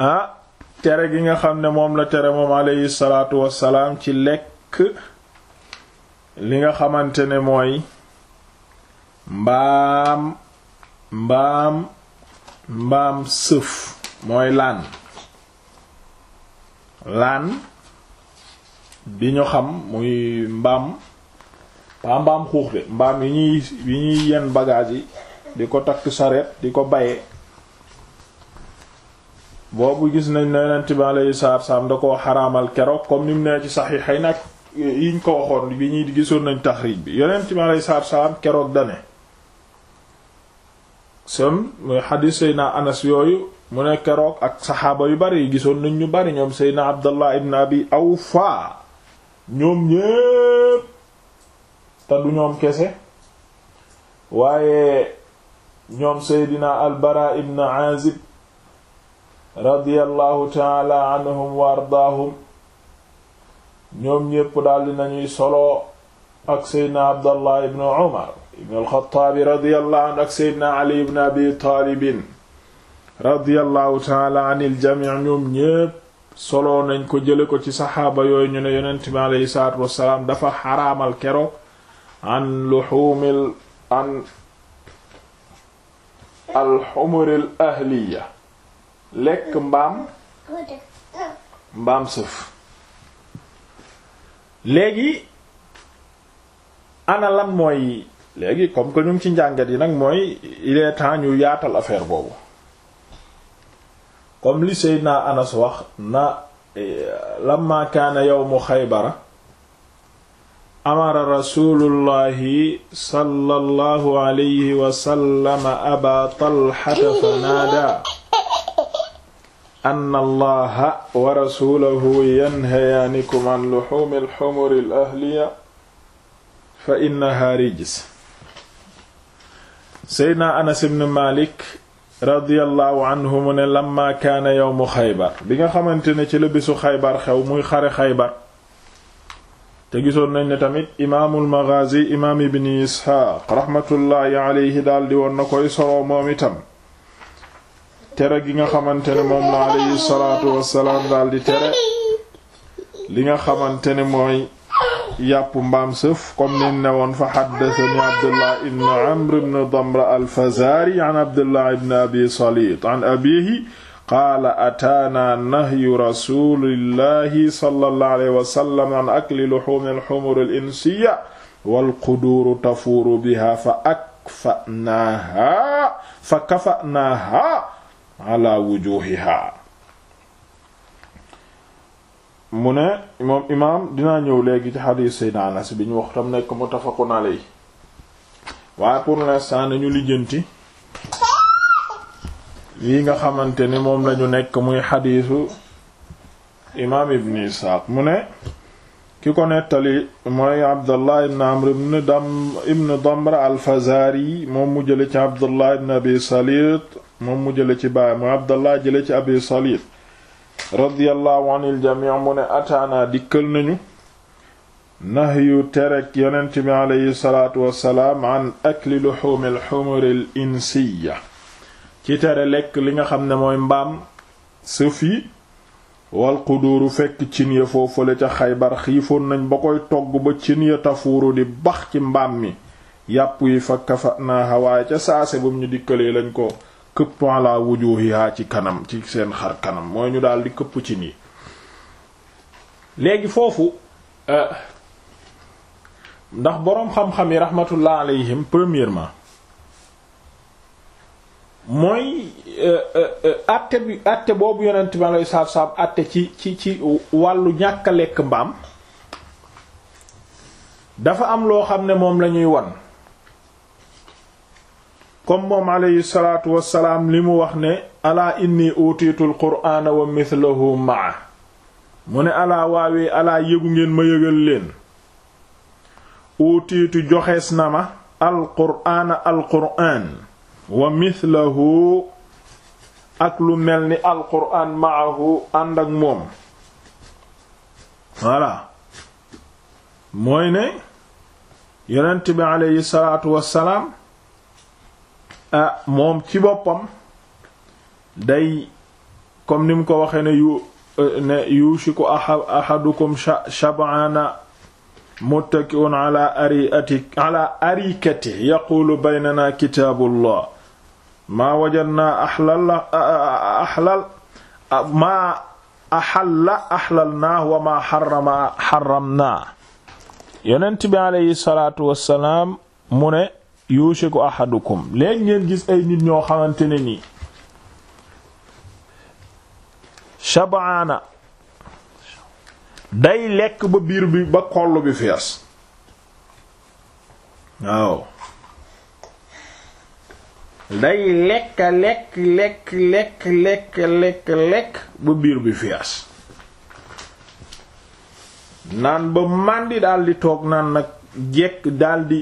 ah tere gi nga xam ne moom la tere moom aleyhi salaatu wassalaam ci lekk li nga xamante ne mooy mbaam mbaam mbaam sëf mooy laan laan bi ñu xam muy mbaam paa mbaam xuux mbaam yi ñuy yenn bagage yi di ko takk sareet di ko baye boobu gis nañ ne yonent bi alayhi salaatu salaam da koo xaraamal keroog comme ni mu nee ci saxiixa yi nag yiñ ko waxoon bi ñuy gisoon nañ taxriij bi yonent bi alayhi saar salaam keroog dane sem muy xadiis Seydina Anas yooyu mu ne keroog ak saxaaba yu bari yi gisoon nañ ñu bari ñoom Seydina Abdallah ibn Abi Awfa ñoom ñépp te du ñoom kese waaye ñoom Seydina Al ibn Azib radiyallahu taala anhum wa ardaahum ñoom ñépp daldi nañuy solo ak seydna abdallah ibn umar ibn alxataabi radiyallahu anhu ak seydna ali ibn abi taalibin radiyallahu taala an iljamii ñoom ñépp solo nañ ko jële ko ci saxaaba yooyu ñu ne yonent bi aleyhi salaatu wassalaam dafa xaraamal keroog an luxuumil an alxumuril ahliya lekk mbaam mbaam sëf léegi ana lan mooy léegi comme que ñu ci njàngat yi nag mooy il est ñu yaatal affaire boobu comme li Seydina Anas wax na eh, lamma kaana yawmu xaybara amara rasulullahi sallallahu alayhi wa aba talhata fa naada anna allaha wa rasulahu yanhayaanikum an luxuumi alxumuri al ahliya fa innaha rijs seydna anas ibn malik radiyallahu anhu mu ne lamma kaana yowmu xaybar bi nga xamante ne ci la bisu xaybar xew muy xare xaybar te gisoon nañ ne tamit imaamul maghazi imaam ibn isxaaq raxmatullaahi aleyhi daldi woon na koy soroo moom itam tere gi nga xamante ne moom la alayhi salaatu wassalaam daal di tere li nga xamante ne mooy yàpp mbaam sëf comme nin ne woon fa xaddasani abdullah ibn amr ibn damra alfazari an abdullah ibn abi salit an abihi qaala ataana nahyu rasulillahi sallallahu alayhi wasallam an akli luxuumi alxumur alinsiya walquduuru tafuuru biha fa akfanaaha fa kafanaaha ala wujuhiha mu ne moom imaam dinaa ñëw léegi ci xadiis Seydina Anas bi ñu wax tam nekk muttafaqun alayhi waaye pour l'instant nañu lijjanti lii nga xamante ni moom lañu nekk muy xadiisu imaam Ibn Isxaaq mu ne ki ko nettali mooy Abdallah ibn Amr ibn Dam ibn al-Fazari moom mu jële ci Abdallah ibn Abi Salit moom mu jële ci baay mu abdallah jële ci abi salih radiyallahu anil jamii mu ne ataana dikkal nañu nahyu terek yonent bi aleyhi salaatu wassalaam an akli luxuumil xumuril insiya ci tere lekk li nga xam ne mooy mbaam sëf yi wal quduuru fekk cin ya foofale ca xaybar xiifoon nañ ba koy togg ba cin ya tafuuru di bax ci mbaam mi yàpp yi fa kafa naa hawaaye ca saase bum ñu dikkalee lañ ko këpp ala wujuhiha ci kanam ci seen xar kanam mooy ñu daal di këpp ci nii léegi foofu euh, ndax boroom xam-xam yi rahmatullah alayhim premièrement mooy àtte euh, euh, bi àtte boobu yonent bi alayhi salaatu salaam àtte ci ci ci wàllu ñàkk a lekk mbaam dafa am loo xam ne moom lañuy ñuy wan comme moom aleyhi salaatu wassalaam li mu wax ne alaa inni utiitul qur'aana wa mithlahu maa mu ne alaa waawee alaa yëgu ngeen ma yëgal leen utiitu joxees na ma alqur'aana alqur'aan wa mithlahu ak lu mel ni alqur'aan maahu ànd ak moom voilà mooy ne yonent bi aleyhi salaatu wassalaam Ah, moom ci boppam day comme ni mu ko waxee ne yu eh, ne yushiku ahadukum shab'ana muttaki'un ala ariati ala arikati yaqulu baynana kitaabullah maa wajadna ahlal ahlal maa ahalla ahlalnaa wa maa harrama harramnaa yonent bi aleyhi salaatu wassalaam mu ne yushiku ahadukum léegi ngeen gis ay nit ñoo xamante ne nii shabaana day lekk ba biir bi ba biir bi fees naan ba màndi daldi toog naan nag jekk daldi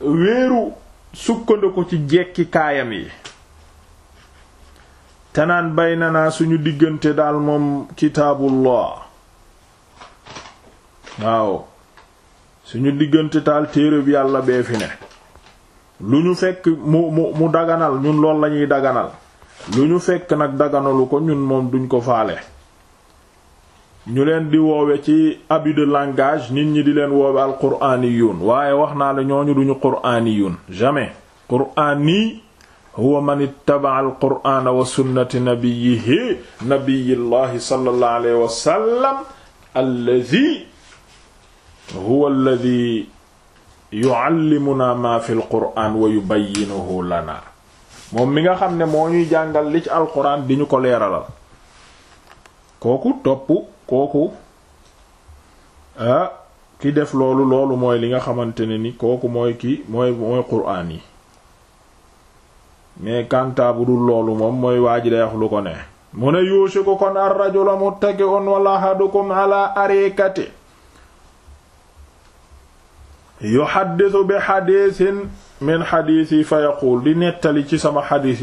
wéeru sukkandiku ci jekki kaayam yi naan bay na naa suñu diggante daal moom kitaabullah waaw suñu diggante daal téereb yàlla bee fi ne lu ñu fekk mu mu mu daganal ñun lool lañuy daganal lu ñu fekk nag daganalu ko ñun moom duñ ko faale ñu leen di woowe ci abus de nit ñi di leen woowe al quraaniyun waaye wax naa la ñooñu duñu quraaniyun jamais quraani huwa man ittaba'a al qur'ana wa sunnati nabiyyihi nabiyyillahi sallallahu alayhi wa sallam alladhi huwa alladhi yu'allimuna ma fi al qur'an wa yubayyinuhu lana moom mi nga xam ne moo ñuy jàngal li ci alquran di ñu ko leeralal kooku ah ki def loolu loolu mooy li nga xamante ne ni kooku mooy ki mooy mooy quraan yi mais kanta dul loolu moom mooy waa ji day ko ne mu ne yuusiku kon ar-rajulu muttaki'un wala ahadukum ala arikati yuhaddisu bi hadiisin min hadiisi fa yaquul di nettali ci sama hadiis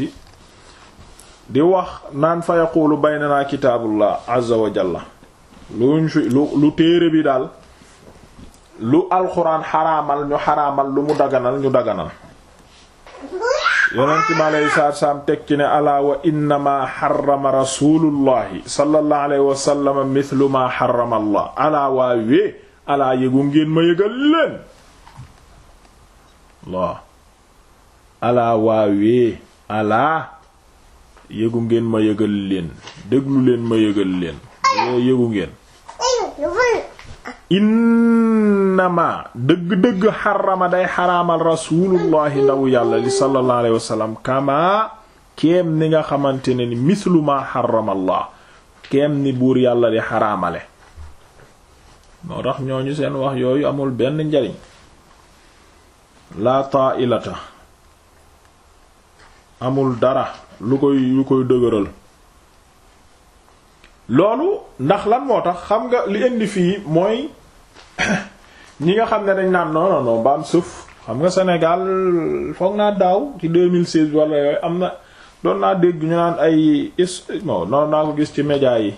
di wax naan fa yaquulu baynanaa kitaabullah azza jalla luñ lu téere bi daal lu alxuraan xaraamal ñu xaraamal lu mu daganal ñu daganal yonent bi aleyhi salaatu salaam teg ci ne alaa wa innamaa xarama rasulullahi sallallahu alayhi alaa waawee alaa yëgu ngeen ma yëgal leen alaa waawee alaa yëgu ngeen ma yëgal leen déglu ma yëgal leen yoo yëgu ngeen innama dëgg-dëgg xarama day xaraamal rasulullahi ndaw yàlla li sallallahu alayhi wasallam kama keem ni nga xamante ne ni mislu ma xarama ni buur yàlla di xaraamale moo tax ñooñu seen wax yooyu amul benn njariñ laa taa amul dara lu koy lu koy dëgëral loolu ndax lan moo tax xam nga li indi fii mooy ñi nga xam ne dañ naan non non mbaam suuf xam nga Sénégal foog naa daaw ci 2016 wala yooyu am na doon naa dégg ñu naan ay is non non naa ko gis ci média yi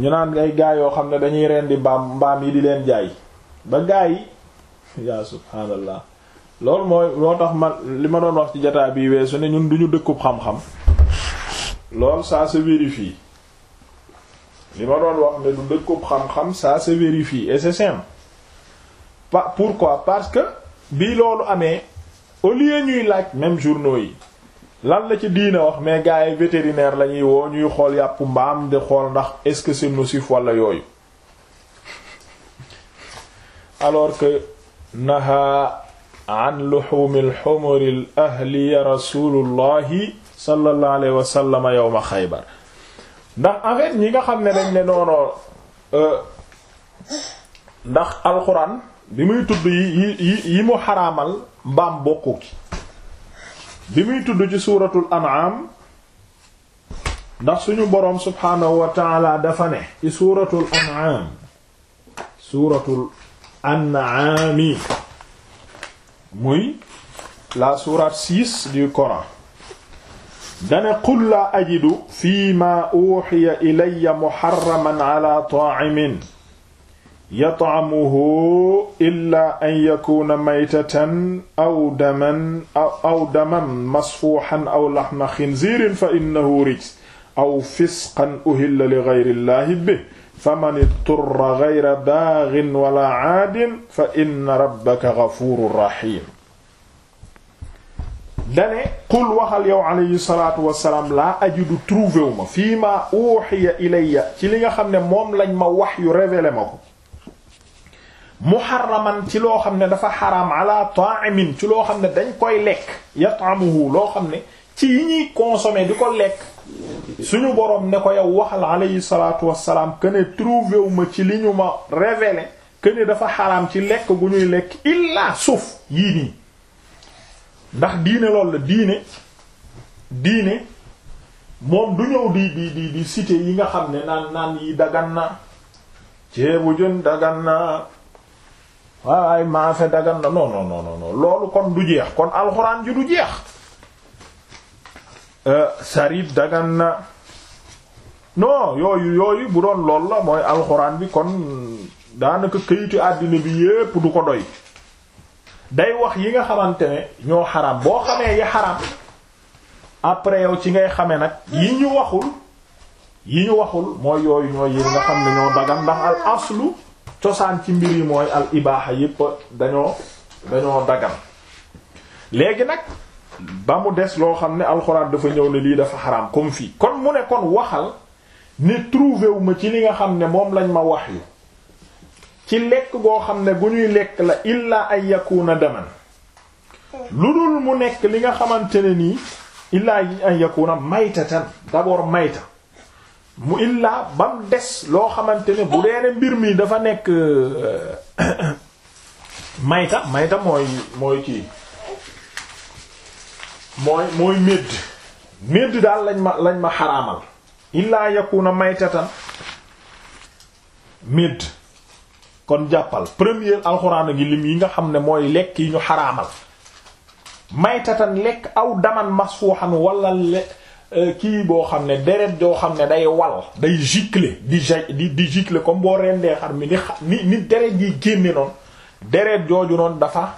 ñu naan ay gaa yoo xam ne dañuy rendi mbaam mbaam yi di leen jaay ba gaa yi yaa subhaanallah loolu mooy loo tax ma li ma doon wax ci jataa bi weesu ne ñun duñu dëkku xam-xam loolu ça se vérifie li ma doon wax ne du dëkkub xam-xam ça se vérifie et c'est pourquoi parce que bii loolu amee au lieu ñuy laaj même journaux yi lan la ci diina wax mais gars yi vétérinaire la ñuy woo ñuy xool yàppu mbaam di xool ndax est-ce que c'est nocif wala yooyu alors que naha an luhumil humuril ahliya rasulullahi sallallahu alayhi wa sallam yawma xaybar ndax en ñi nga xam ne dañ ne noonu euh, ndax alxuraan bi muy tudd yi yi yi mu xaraamal mbaam bokku ki bi muy tudd ci suuratul an'am ndax suñu boroom subhaanahu wa taala dafa ne ci suuratul an'am suuratul an'ami muy la sourate 6 du Coran dane qul laa ajidu fii ma uxiya ilaya muxaraman ala taacimin yatcamuhu illa an yakuna maytatan aw daman aw daman masfuuxan aw laxma xinziirin fa innahu rijs aw fisqan uhilla li gayri illahi bih faman iturra gayra baaxin wala caadin fa inna rabbaka gafuurun raxiim dane qul waxal yow alayhi salaatu wasalaam laa ajidu trouvé wu ma fii ma uxiya ilayya ci li nga xam ne moom lañ ma wax yu révélé ma ko muharraman ci loo xam ne dafa xaraam ala ta'imin ci loo xam ne dañ koy lekk yat'amuhu loo xam ne ci yi ñuy consommer di ko lekk suñu boroom ne ko yow waxal alayhi salaatu wasalaam que ne trouvé ci li ñu ma révélé que ne dafa xaraam ci lekk gu ñuy lekk illaa suuf yii nii ndax diine loolu la diine diine moom du ñëw di di di di yi nga xam ne naan naan yi dagan na ceebu jën dagan na waaye maafe dagan na non non non non loolu kon du jeex kon alxuraan ji du jeex euh, sarit dagan na non yooyu yooyu bu doon lool la mooy alxuraan bi kon daanaka këyitu àddina bi yépp du ko doy day wax yi nga xamante ne ñoo xaraam boo xamee yi xaraam après yow ci ngay xamee nag yi ñu waxul yi ñu waxul mooy yooyu ñooy yi nga xam ne ñoo dagan ndax al aslu cosaan ci mbir yi mooy al ibaaxa yépp dañoo dañoo dagan léegi nag ba mu des loo xam ne alxuraan dafa ñëw ne lii dafa xaraam comme fii kon mu ne kon waxal ne trouvé wu ma ci li nga xam ne moom lañ ma wax yu ci lekk goo xam ne gu ñuy lekk la illaa ay yakuna daman lu dul mu nekk li nga xamante ne nii illaa ay yakuna maytatan d'abord mayta mu illaa bam des loo xamante ne bu dee ne mbir mii dafa nekk euh, mayta mayta mooy mooy kii mooy mooy médd médd daal lañ ma lañ ma xaraamal illaa yakuna maytatan médd kon jàppal première alxuraan ngi lim yi nga xam ne mooy lekk yi ñu xaraamal maytatan lekk aw daman masfuhan wala euh, kii boo xam ne deret joo xam ne day wal day gicler di di di gicler comme boo rendee xar mi ni ni ni deret yi génne jooju noonu dafa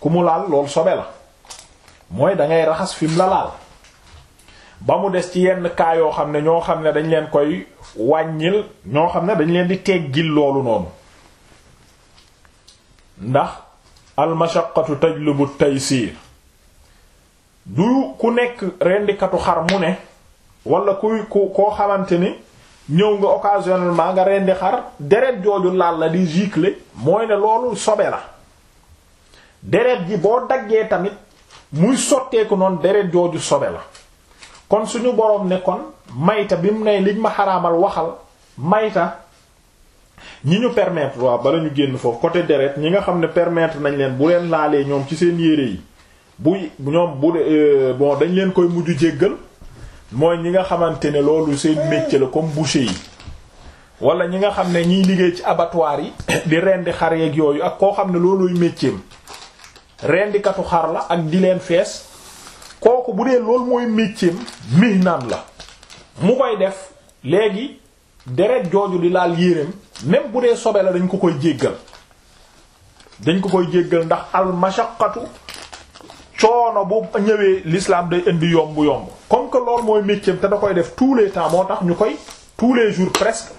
ku mu laal loolu sobe la mooy dangay ngay raxas fi mu la laal ba mu des ci yenn cas yoo xam ne ñoo xam ne dañ leen koy wàññil ñoo xam ne dañ leen di teggil loolu noonu ndax bu tay taysir du ku nekk rendikatu xar mu ne wala kuy ko koo xamante ni ñëw nga maa nga rendi xar deret jooju laal di gicler mooy ne loolu sobe la deret ji boo daggee tamit muy sotteeku noonu deret jooju sobe la kon suñu boroom ne kon mayta bi mu ne liñ ma xaraamal waxal mayta ñi ñu permettre waaw bala ñu génn foofu côté deret ñi nga xam ne permettre nañ leen bu leen laalee ñoom ci seen yére yi bu ñoom bu euh, bon dañ leen koy mujj jéggal mooy ñi nga xamante ne loolu seen métier la comme boucher yi wala ñi nga xam ne ñiy liggéey ci abattoir yi di rendi xar yeeg yooyu ak koo xam ne looluy métier rendikatu xar la ak di leen fees kooku bu dee loolu mooy métier mihnam la mu koy def léegi deret jooju di laal yéreem même bu dee sobe la dañ ko koy jéggal dañ ko koy jéggal ndax al mashaqqatu coono bu ñëwee lislaam day indi yomb yomb comme que loolu mooy métier te da koy def tous les temps moo tax ñu koy tous les jours presque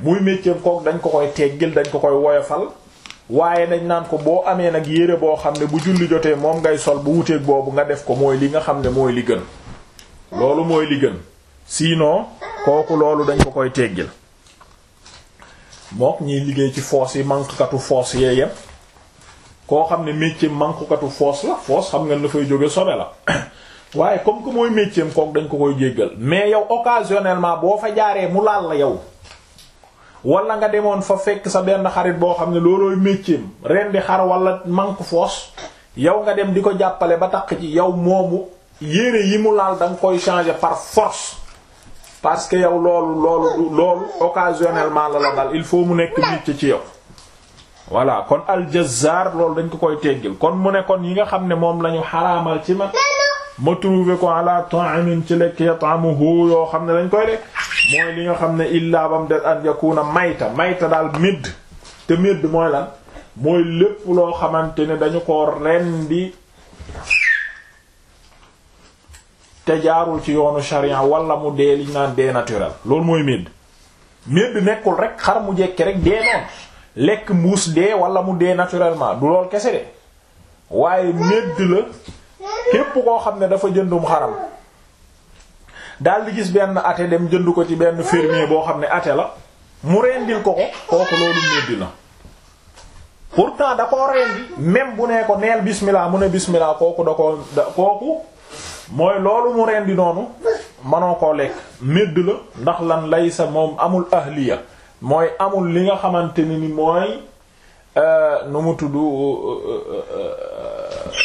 muy métier kook dañ ko koy teggil dañ ko koy woyofal waaye dañ naan ko boo amee nag yére boo xam ne bu julli jotee moom ngay sol bu wuteeg boobu nga def ko mooy li nga xam ne mooy li gën loolu mooy li gën sinon kooku loolu dañ ko koy teggil mook ñiy liggéey ci foos yi manque manqukatu foos yee yem koo xam ne métier manqukatu foos la foos xam nga fay jóge sobe la waaye comme que mooy métier kook dañ ko koy jéggal mais yow occasionnellement boo fa jaaree mu laal la yow wala nga demoon fa fekk sa benn xarit boo xam ne loolooy métier ren di xar wala manque foos yow nga dem di ko jàppale ba tax ci yow moomu yére yi mu laal da koy changer par force parce que yow loolu loolu loolu occasionnellement la la dal il faut mu nekk nit ci yow voilà kon aljazaar loolu dañ ko koy teggil kon mu ne kon yi nga xam ne moom la ñu xaraamal ci man ma trouvé ko ala ta'amin ci lekk yat'amuhu yoo xam ne dañ koy lekk mooy li nga xam ne illaa bam des an yakuna mayta mayta daal midd te midd mooy lan mooy lépp loo xamante ne dañu ko rendi te jaarul ci yoonu sharia walla mu dee li naan dee naturel loolu mooy médd médd nekkul rek xar mu jekke rek dee noonu lekk mbuus dee wala mu dee naturellement du lool kese de waaye médd la képp koo xam ne dafa jëndum xaram daal di gis benn ate dem jënd ko ci benn fermier boo xam ne ate la mu rendil ko ko kooku loolu médd la pourtant da koo rendi même bu nee ko neel bismillah mu ne bismillah kooku da ko da kooku mooy loolu mu rendi noonu manoo koo lekk médd la ndax lan lay sa moom amul ahliya mooy amul li nga xamante ni ni mooy euh, nu mu tudd euh, euh,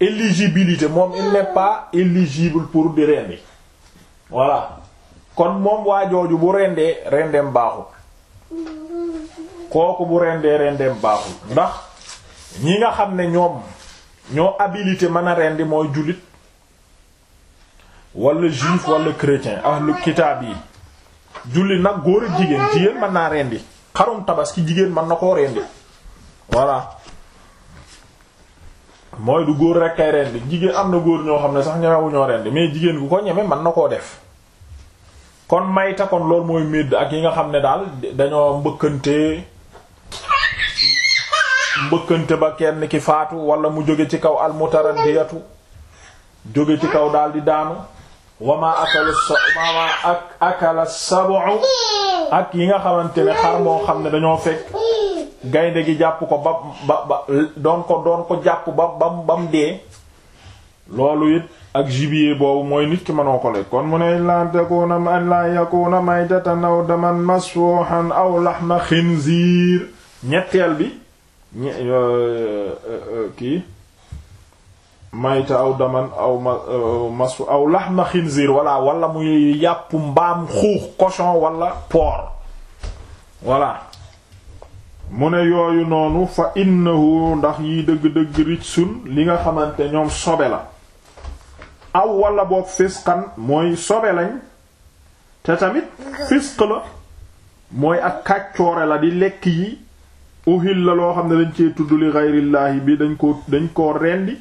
éligibilité moom il n'est pas pour di rendi voilà kon moom waa jooju bu rendee rendeem baaxul kooku bu rendee rendeem baaxul ndax ñi nga xam ne ñoom ñoo abilité mën a rendi mooy jullit wala juif wala chrétien lu kitaab yi julli nag góor ak jigéen jigéen mën naa rendi xarum tabaski jigéen mën na koo rendi voilà mooy du góor rek kay rendi jigéen am na góor ñoo xam ne sax ñemewu ñoo rendi mais jigéen gu ko ñeme mën na koo def kon mayta kon lool mooy médd ak yi nga xam ne daal dañoo mbëkkante mbëkkante ba kenn ki faatu wala mu jóge ci kaw almutaradiyatu jóge ci kaw daal di daanu wa ma akala ma ak yi nga xamante xar moo xam ne dañoo fekk gaynde gi jàpp ko ba ba ba doon ko doon ko jàpp ba ba mu dee loolu it ak gibier boobu mooy nit ki mënoo ko lekk kon mu ne la takuna an la yakuna maytatan aw daman masfuhan aw lahma xinziir ñetteel bi euh, euh, euh, kii mayta aw daman aw ma euh, mas aw lahma xinziir walla wala muy yàpp mbaam xuux cochon wala porc voilà mu ne yooyu noonu fa innahu ndax yi dëgg-dëgg rijsun li nga xamante ñoom sobe la aw wala boog fisqan mooy sobe lañ te tamit fisq la mooy ak kàccoore la di lekk yi uhil la loo xam ne dañ cee tudd li gayrillaahi bi dañ ko dañ koo rendi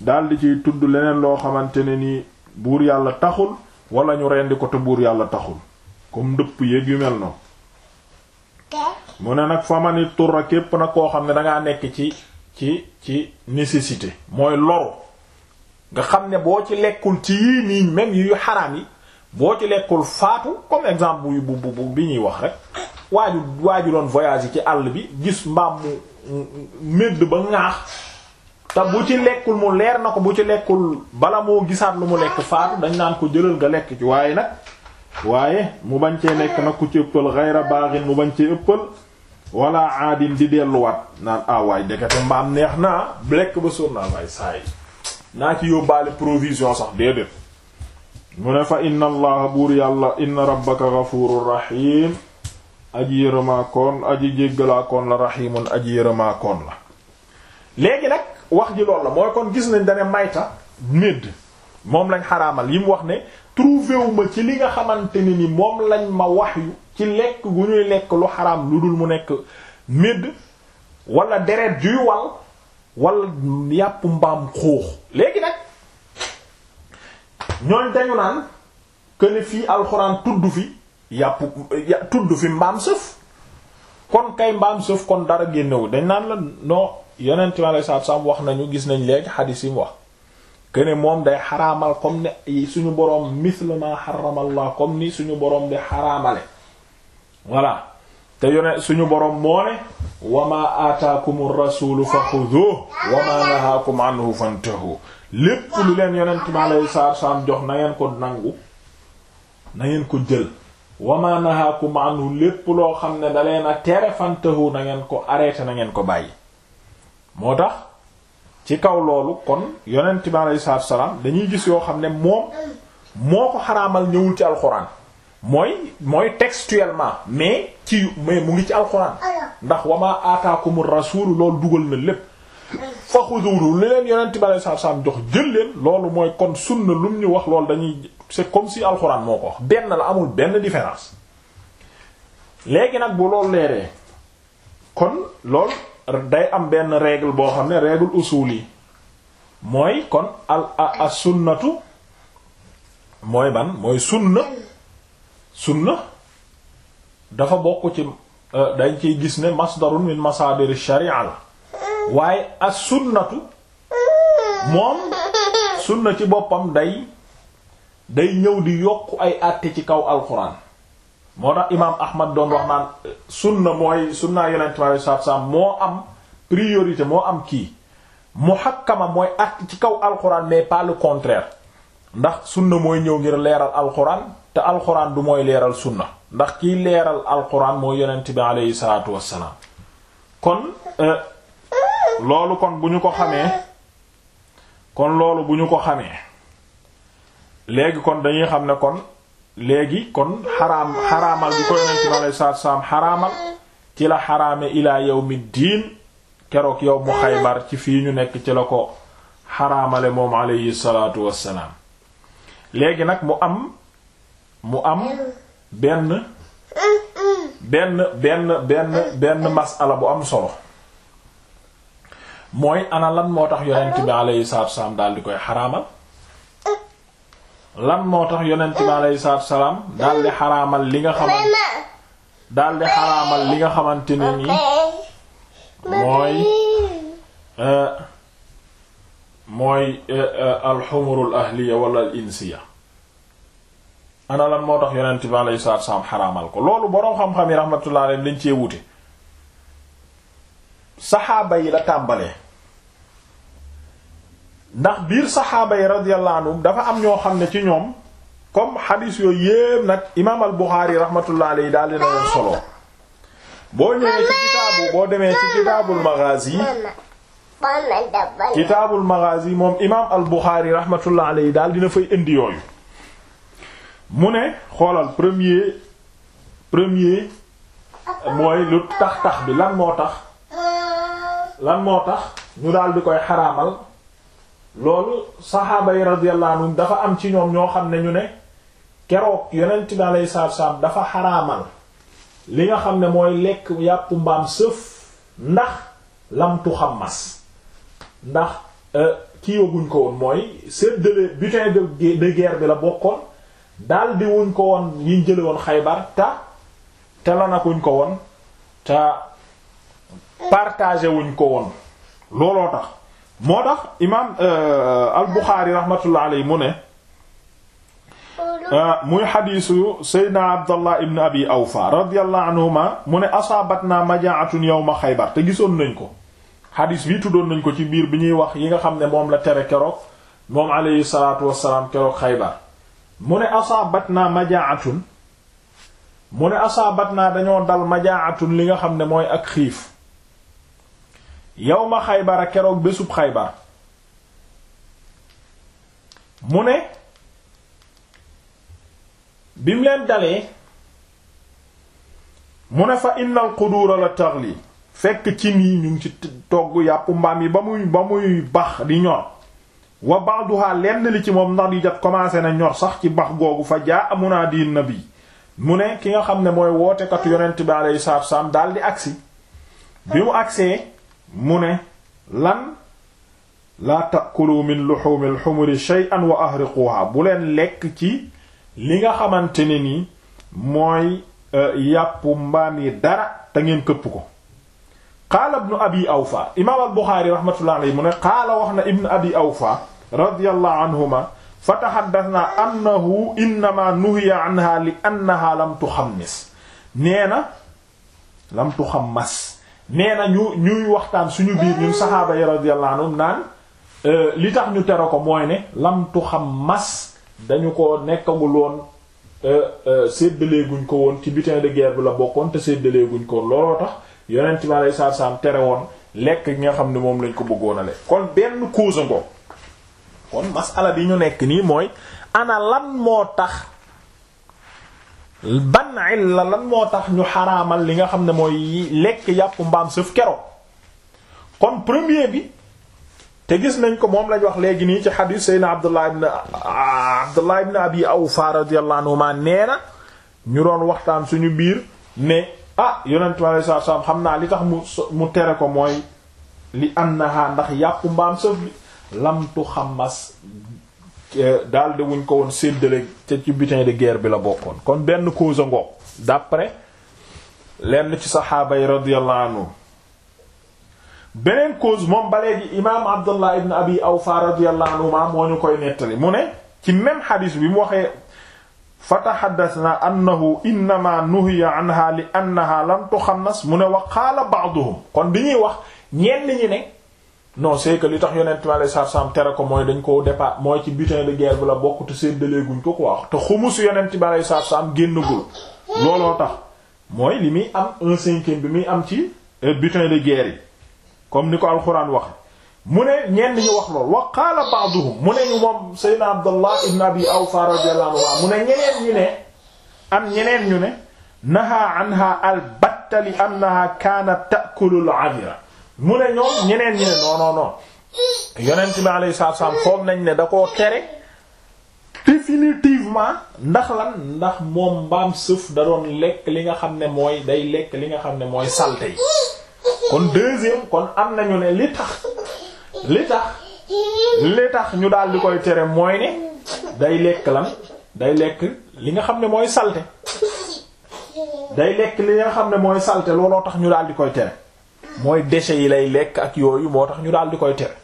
daldi ci tudd leneen loo xamante ne ni buur yàlla taxul wala ñu rendi ko te buur yàlla taxul comme ndëpp yéeg yu mel noonu mu ne nag famani turra képp nag koo xam ne dangaa nekk ci ci ci nécessité mooy loru nga xam ne boo ci lekkul ci yii nii même yu xaraam yi boo ci lekkul faatu comme exemple bu bu bi ñuy wax rek waaju waaju doon voyage yi ci àll bi gis mbaam mu médd ba ŋaax te bu ci lekkul mu leer na ko bu ci lekkul bala moo gisaat lu mu lekk faatu dañ naan ko jëlal nga lekk ci waaye nag waaye mu bañ cee nekk nag ku ci ëppal xayra baaxin mu bañ cee ëppal wala aadin di delluwaat naan awaay ah, dekete mbaam neex naa lekk ba sóor naa ah, waay saa naa ci yóbbaale provision sax déedéet mu ne fa inna allaha buur yàlla inna rabbaka ghafurur rahim aji yërëmaa koon aji jéggalaa koon la rahimun aji yërëmaa koon la léegi nag wax ji loolu la mooy kon gis nañ dane mayta médd moom lañ xaraamal yi mu wax ne trouvé ci li nga xamante ni ni moom lañ ma wax yu ci lekk gu ñuy lekk lu xaraam lu dul mu nekk médd walla deret juy wal walla yàpp mbaam xuux léegi nag ñooñ dañu naan que ne fii alxuraan tudd fi yàpp tudd fi mbaam sëf kon kay mbaam sëf kon dara génnewu dañ naan la noo yonent mi alayhi salaatu salaam wax nañu gis nañ léegi xadiis yi mu wax kene moom day xaramal comme ni suñu borom mislu ma xaramallah comme ni suñu borom di xaraamale voilà te yone suñu borom moo ne wa ma aataakum rasulu fa xuduuhu wa ma nahaakum anhu fantahu lépp lu leen yonent mi alayhi salaatu jox nangeen ko nangu na ngeen ko jël wa ma nahaakum anhu lépp loo xam ne da leen a tere fantahu na ko arrêté na ngeen ko bàyyi moo tax ci kaw loolu kon yonent bi aleyhi salaatu salaam dañuy gis yoo xam ne moom moo ko xaraamal ñëwul ci alxuraan mooy mooy textuellement mais ci mais mu ngi ci alxuraan ndax wama ataakumu rasuul loolu dugal na lépp fa xuduuru li leen yonent bi aleyhi salaatu salaam jox jël leen loolu mooy kon sunna lum ñu wax lool dañuy c'est comme si alxuraan moo ko wax benn la amul benn différence léegi nag bu loolu leeree kon loolu day am benn règle boo xam ne règle usul yi mooy kon al a sunnatu mooy ban mooy sunna sunna dafa bokk ci euh, dañ ci gis ne masdarun min masadir sharia la waaye as sunnatu moom sunna ci boppam day day ñëw di yokk ay àtte ci kaw alxuraan moo tax imaam Ahmad doon wax naan sunna mooy sunna yonent bi alayhi moo am priorité moo am kii muhakkama mooy at ci kaw alxuraan mais pas le contraire ndax sunna mooy ñëw ngir leeral alxuraan te alxuraan du mooy leeral sunna ndax kiy leeral alxuraan mooy yonent bi alayhi salaatu wassalaam kon euh, loolu kon bu ñu ko xamee kon loolu bu ñu ko xamee léegi kon dañuy xam ne kon. léegi kon xaraam xaraamal bi ko yonent bi alayhi salaatu salaam xaraamal ci la xaraame ilaa yawmi diin keroog yow mu xaybar ci fii ñu nekk ci la ko xaraamale moom alayhi salaatu wassalaam léegi nag mu am mu am benn benn benn benn benn masala bu am solo mooy ana moo tax yonent bi alayhi salaatu wassalaam daal di koy xaraamal lan moo tax yonent bi aleyhi salaatu salaam daal di xaraamal li nga xaman daal li nga xamante ne nii mooy eh, mooy eh, eh, alxumurul ahliya wala al ana lan moo tax yonent bi aleyhi salaatu salaam xaraamal ko loolu boroom xam-xam yi rahmatullah alayhi dañ cee wute saxaaba yi la tàmbalee. ndax biir saxaaba yi radiyallahu anhum dafa am ñoo xam ne ci ñoom comme xadiis yooyu yépp nag imaam al Buxaari rahmatullah alayhi daal dina leen solo boo ñëwee ci kitaabu boo demee ci kitaabul maghazi kitaabul maghazi moom imaam al Buxaari rahmatullah alayhi daal dina fay indi yooyu mu ne xoolal premier premier mooy lu tax tax bi lan moo tax lan moo tax ñu daal di koy xaraamal loolu saxaaba yi radiyallahu anhum dafa am ci ñoom ñoo xam ne ñu ne keroog yonent bi alayhi salaatu salaam dafa xaraamal li nga xam ne mooy lekk yàppu mbaam sëf ndax lamtu xammas ndax euh, kii ko woon mooy séddale butin de guerre bi la bokkoon daal di wuñ ko woon yiñ jële woon xaybar te te lanakuñ ko woon ta partagé wuñ ko woon looloo tax moo tax imaam euh, al-Bukhari rahmatullah mu ne euh, muy xadiisu Seydina Abdallah ibn Abi Awfa radiyallahu anhuma mu ne naa asaabatna majaatun yawma Xaybar te gisoon nañ ko xadiis bii tuddoon nañ ko ci biir bi ñuy wax yi nga xam ne moom la tere keroog moom alayhi salaatu wassalaam keroog Xaybar mu ne asaabatna majaatun mu ne asaabatna dañoo dal majaatun li nga xam ne mooy ak xiif yawma xaybara keroog bésub xaybar mu ne bi mu leen dalee mu ne fa innal quduura la taxli fekk cin yi ñu ngi ci togg yàpp mbaam yi ba muy ba muy bax di ñor wa ba'daha lenn li ci moom ndax yi jot commencé na ñor sax ci bax googu fa jaa amunaa di bi mu ne ki nga xam ne mooy wootekatu yonent bi alayhi salaatu wa salaam daal di agsi bi mu agsee mu ne lan laa takulu min luxumil xumuri shay'an wa ahriquha bu leen lekk ci li nga xamante ne ni mooy euh, yàppu mbaam yi dara te ngeen këpp ko qaala ibnu abi awfa imaam al buxaari rahmatullah alayhi mu ne qaala wax na ibnu abi awfa radiyallahu anhuma fa taxaddasnaa annahu innama nuhiya anha li annaha lam tuxammis nee na lam tuxammas nee na ñu ñuy waxtaan suñu biir ñun saxaaba yi radiyallahu anhum naan euh, li tax ñu tere ko mooy ne lamtu xam mas dañu ko nekkagul woon euh, euh, séddaleeguñ ko woon ci bitin de guerre bi la bokkoon te séddaleeguñ ko woon looloo tax yonent bi alei saatu salaam tere woon lekk gi nga xam ne moom lañ ko bëggoon a kon benn cause ngo kon masala bi ñu nekk nii mooy ana lan moo tax an illa lan moo tax ñu xaraamal li nga xam ne mooy lekk yàpp mbaam sëf kero kon premier bi te gis nañ ko moom lañ wax léegi nii ci xadiis seydna abdullah ibn abdullah ibn abi awfa radiyallahu anhuma nee na ñu roon waxtaan suñu biir ne ah yonent mi alayhi salaatu salaam xam naa li tax mu mu tere ko mooy li annaha ndax yàpp mbaam sëf bi lamtu xamas Eh, daal di wuñ ko woon séddale ca ci butin de guerre bi la bokkoon kon benn cause a ngoog d'après lenn ci saxaaba yi radiyallahu beneen cause moom ba léegi imaam abdullah ibn abi awfa radiyallahu anhu moo ñu koy nettali mu ne ci même xadiis bi mu waxee fa taxaddasna annahu innama nuhiya anha li annaha lam tuxannas mu ne wa qaala ba'duhum kon bi ñuy wax ñenn ñi ne non c'est que li tax yonent ma lay sarsam tere ko mooy dañ koo départ mooy ci butin de guerre bi la bokk te séddaleeguñ ko quoi te xumus yonent ma lay sarsam génnagul looloo tax mooy li muy am un bi muy am ci euh, butin de guerre yi comme ni ko alxuraan wax mu ne ñenn ñu wax lool wa qaala ba'duhum mu ne ñu moom Seydina Abdallah ibn Abi Awfa radiyallahu anhu mu ne ñeneen ñu ne am ñeneen ñu ne naha anha al battali annaha kaanat ta'kulu al 'adira mu ne ñoom ñeneen ñi ne non non non yonent bi alayhi salaatu salaam foog nañ ne da koo tere définitivement ndax lan ndax moom mbaam sëf da doon lekk li nga xam ne mooy day lekk li nga xam ne mooy saleté yi kon deuxième kon am nañu ne li tax li tax li tax ñu daal di koy tere mooy ne day lekk lan day lekk li nga xam ne mooy salte day lekk li nga xam ne mooy saleté looloo tax ñu daal di koy tere mooy déchets yi lay lekk ak yooyu moo tax ñu daal di koy tere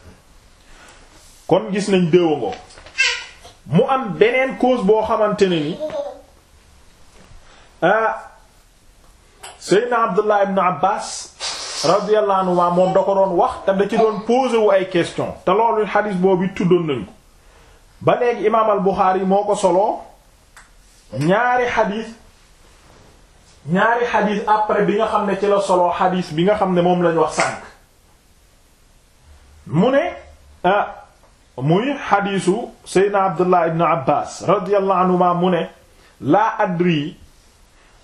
kon gis nañ déewangoo mu am beneen cause boo xamante ne ni ah Seydina Abdullah ibn Abbas radiyallahu anhuma moom da ko doon wax te da ci doon posé wu ay question te loolu xadis boobu tuddoon nañ ko ba léegi imaam al Buxaari moo ko solo ñaari xadis ñaari xadis après bi nga xam ne ci la solo xadis bi nga xam ne moom lañu wax sànq mu ne ah muy xadisu seydna abdullah ibn abbas radiyallahu anhuma mu ne laa adri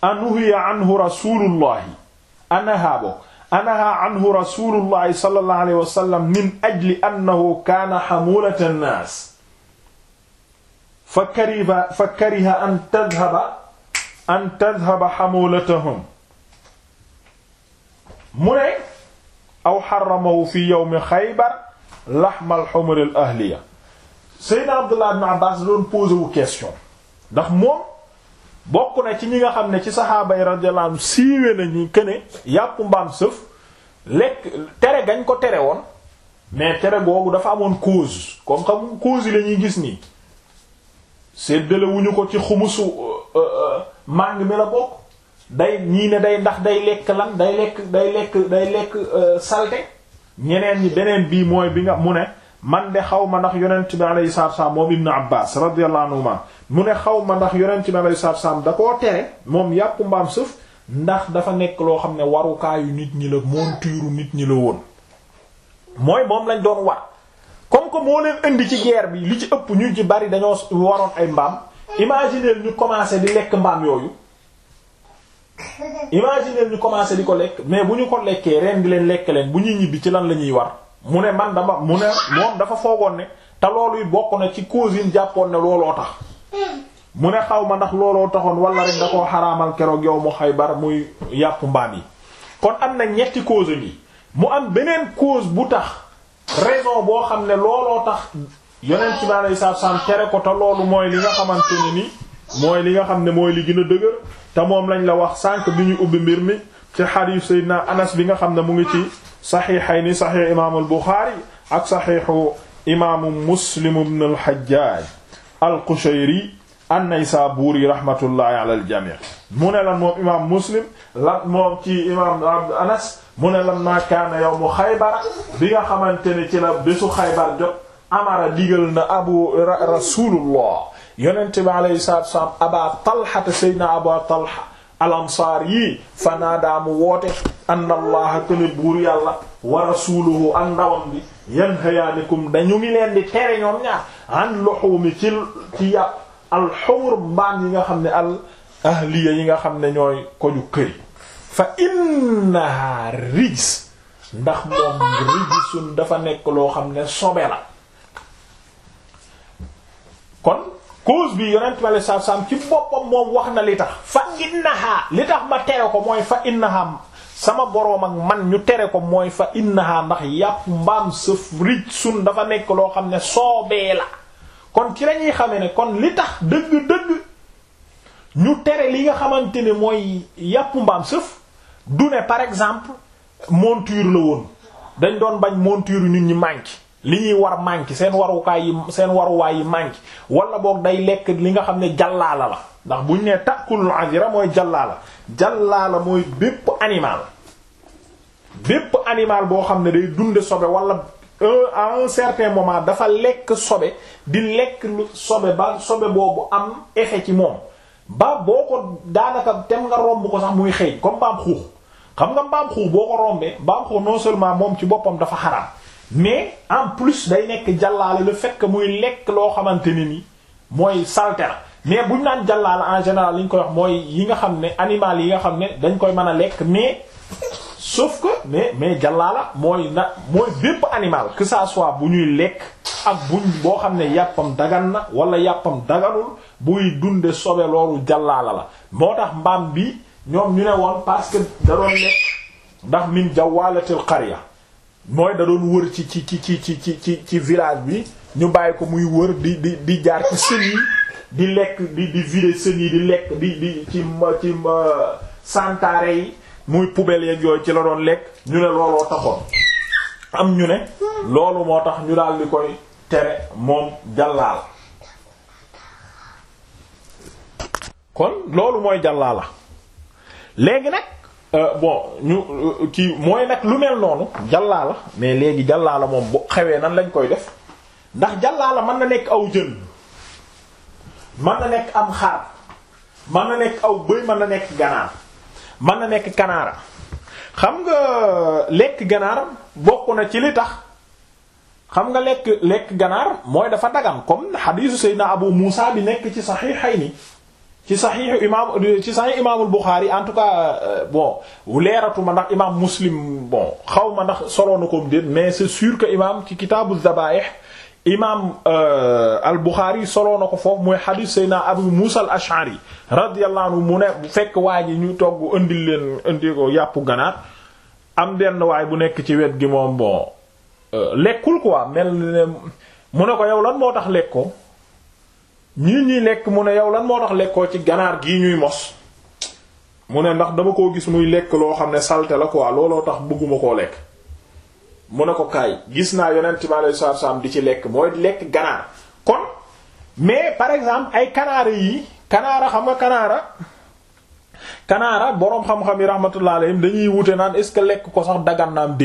anuhiya anhu rasulullahi anahaa bo anahaa anhu rasulullahi sallallahu alayhi wa sallam min ajli annahu kaana xamuulata nnaas fa kariha fa kariha an tadhaba an tadhaba xamulatahum mu ne aw xaramahu fi yawmi xaybar laxmal xumuril ahliya seydna abdullah ibn abbas doon posé wu question ndax moom bokk na ci ñi nga xam ne ci saxaaba yi radiyallahu anhu siiwe nañu këne yàppu mbaam sëf lekk tere gañ ko tere woon mais tere googu dafa amoon cause comme xam cause yi la ñuy gis nii séddale wuñu ko ci xumusu euh, euh, maa ngi mel la bokk day ñii ne day ndax day lekk lan day lekk day lekk day lekk euh, salte ñeneen ñi beneen bii mooy bi nga mu ne man de xaw ma ndax yonent bi alayhi salaatu wa salaam moom Ibn Abbas radiyallahu anhuma mu ne xaw ma ndax yonent bi alayhi salaatu wa da koo tere moom yàpp mbaam suuf ndax dafa nekk loo xam ne warukaayu nit ñi la montuuru nit ñi la woon mooy moom lañ doon war comme que moo leen indi ci guerre bi li ci ëpp ñu ci bari dañoo waroon ay mbaam imagineel ñu commencé di lekk mbaam yooyu imagineel ñu commencé di ko lekk mais bu ñu ko lekkee ren di leen lekk leen bu ñuy ñibbi ci lan la ñuy war mu ne man dama mu ne moom dafa foogoon ne te loolu bokk na ci cause jàppoon ne looloo tax mu ne xaw ma ndax looloo taxoon wala rek da koo xaraamal keroog yow mu Xaybar muy yàpp mbaam yi kon am na ñetti cause yi mu am beneen cause bu tax raison boo xam ne looloo tax yonent bi alayhi salaatu salaam tere ko te loolu mooy li nga xamante ne ni mooy li nga xam ne mooy li gën a dëgër te moom lañ la wax sànq bi ñu ubbi mbir mi ci xadiis Seydina Anas bi nga xam ne mu ngi ci saxiixayni saxiix imaamul Buxaari ak saxiixu imaamu Muslim ibn al-Hajjaaj al-Qushayri an-Naysaabuuri rahmatullahi ala al-jamii' mu ne lan moom imaam Muslim lan moom ci imaam Anas ne lan maa kaana yawmu Xaybar bi nga xamante ne ci la bésu Xaybar jot. amara digal na abu rasulullah yonente bi alayhi aba talhata sayyidina aba talha al ansaar yii fanaadaa mu woote anna allaha buur yàlla wa rasuluhu ak ndawam bi yanhayaanikum dañu ngi leen di tere ñoom ñaar an luhumi ci yàpp al humur mbaan yi nga xam ne al ahliya yi nga xam ne ñooy koju këri fa innaha rijs ndax moom rijsun dafa nekk loo xam ne sobe la kon cause bi yonent bi saa saam ci boppam moom wax na li tax fa innaha li tax ma tere ko mooy fa innaha sama boroom ak man ñu tere ko mooy fa innaha ndax yàpp mbaam sëf rij sun dafa nekk loo xam ne soobee la kon ci lañuy xamee ne kon li tax dëgg-dëgg ñu tere li nga xamante ne mooy yàpp mbaam sëf du ne par exemple monture la woon dañ doon bañ monture ñu ñu manqué li ñuy war manqué seen warukaay yi seen waruwaay yi manqué wala boog day lekk li nga xam ne jàllaala la ndax buñ nee tàkkulul azira mooy jàllaala jàllaala mooy bépp animal bépp animal boo xam ne day dunde sobe wala à un certain moment dafa lekk sobe di lekk lu sobe ba sobe boobu am effet ci moom ba boo ko daanaka tem nga romb ko sax muy xëy comme mbaam xuux xam nga mbaam xuux boo ko rombee mbaam xuux non seulement moom ci boppam dafa xaraam mais en plus day nekk jàllaale lu fekk que muy lekk loo xamante ne ni mooy salte la mais buñ naan jàllaale en général li ñu koy wax mooy yi nga xam ne animal yi nga xam ne dañ koy mën a lekk mais sauf que mais mais jàllaala mooy na bépp animal que sa soit bu ñuy lekk ak buñ boo xam ne yàppam dagan na wala yàppam daganul buy dunde sobe loolu jàllaala la moo tax mbaam bi ñoom ñu ne woon parce que da lekk ndax min jawalatil qarya mooy da doon wër ci ci ci ci ci ci ci village bi ñu bàyyi ko muy wër di di di jaar ci sën yi di lekk di di vider sën yi di lekk di di ci ci santaare yi muy poubelles yeeg yooyu ci la doon lekk ñu ne looloo taxoon am ñu ne loolu moo tax ñu daal di koy tere moom jàllaal kon loolu mooy jàllaa la léegi nag Euh, bon ñu euh, kii mooy nag lu mel noonu jàllaa la mais léegi jàllaa la moom bu xewee nan lañ koy def ndax jàllaa la mën na nekk aw jën mën na nekk am xaar mën na nekk aw bëy mën na nekk ganaar mën na nekk kanaara xam nga euh, lekk ganaar bokk na ci li tax xam nga lekk lekk ganaar mooy dafa dagan comme xadiisu Seydina Abu Muusa bi nekk ci Saxiixayni ci saxiixu imaam ci saxiix imaamul Buxaari en tout cas euh, bon leeratuma ndax imaam Muslim bon xaw ma ndax solo na ko déet mais c'est sûr que imaam ci kitaabu zabaa'ih imaam euh, al Buxaari solo na ko foofu mooy xadiis Seydina Abu Muusa al Ash'ari radiyallahu anhu mu ne bu fekk waa ji ñu togg indil leen indi ko yàppu ganaar am denn waay bu nekk ci wet gi moom bon euh, lekkul ko mel ne mu ne ko yow lan moo tax lekk ko ñii ñuy lekk mu ne yow lan moo tax lekkoo ci ganaar gii ñuy mos mu ne ndax dama ko gis muy lekk loo xam ne salte la ko quoi looloo tax bëgguma koo lekk mu ne ko kaay gis naa yonent bi alayhi salaatu salaam di ci lekk mooy lekk ganaar kon mais par exemple ay kanaara yi kanaara xam a kanaara kanaara boroom xam-xam yi rahmatullah alayhim dañuy wute naan est-ce que lekk ko sax dagan naam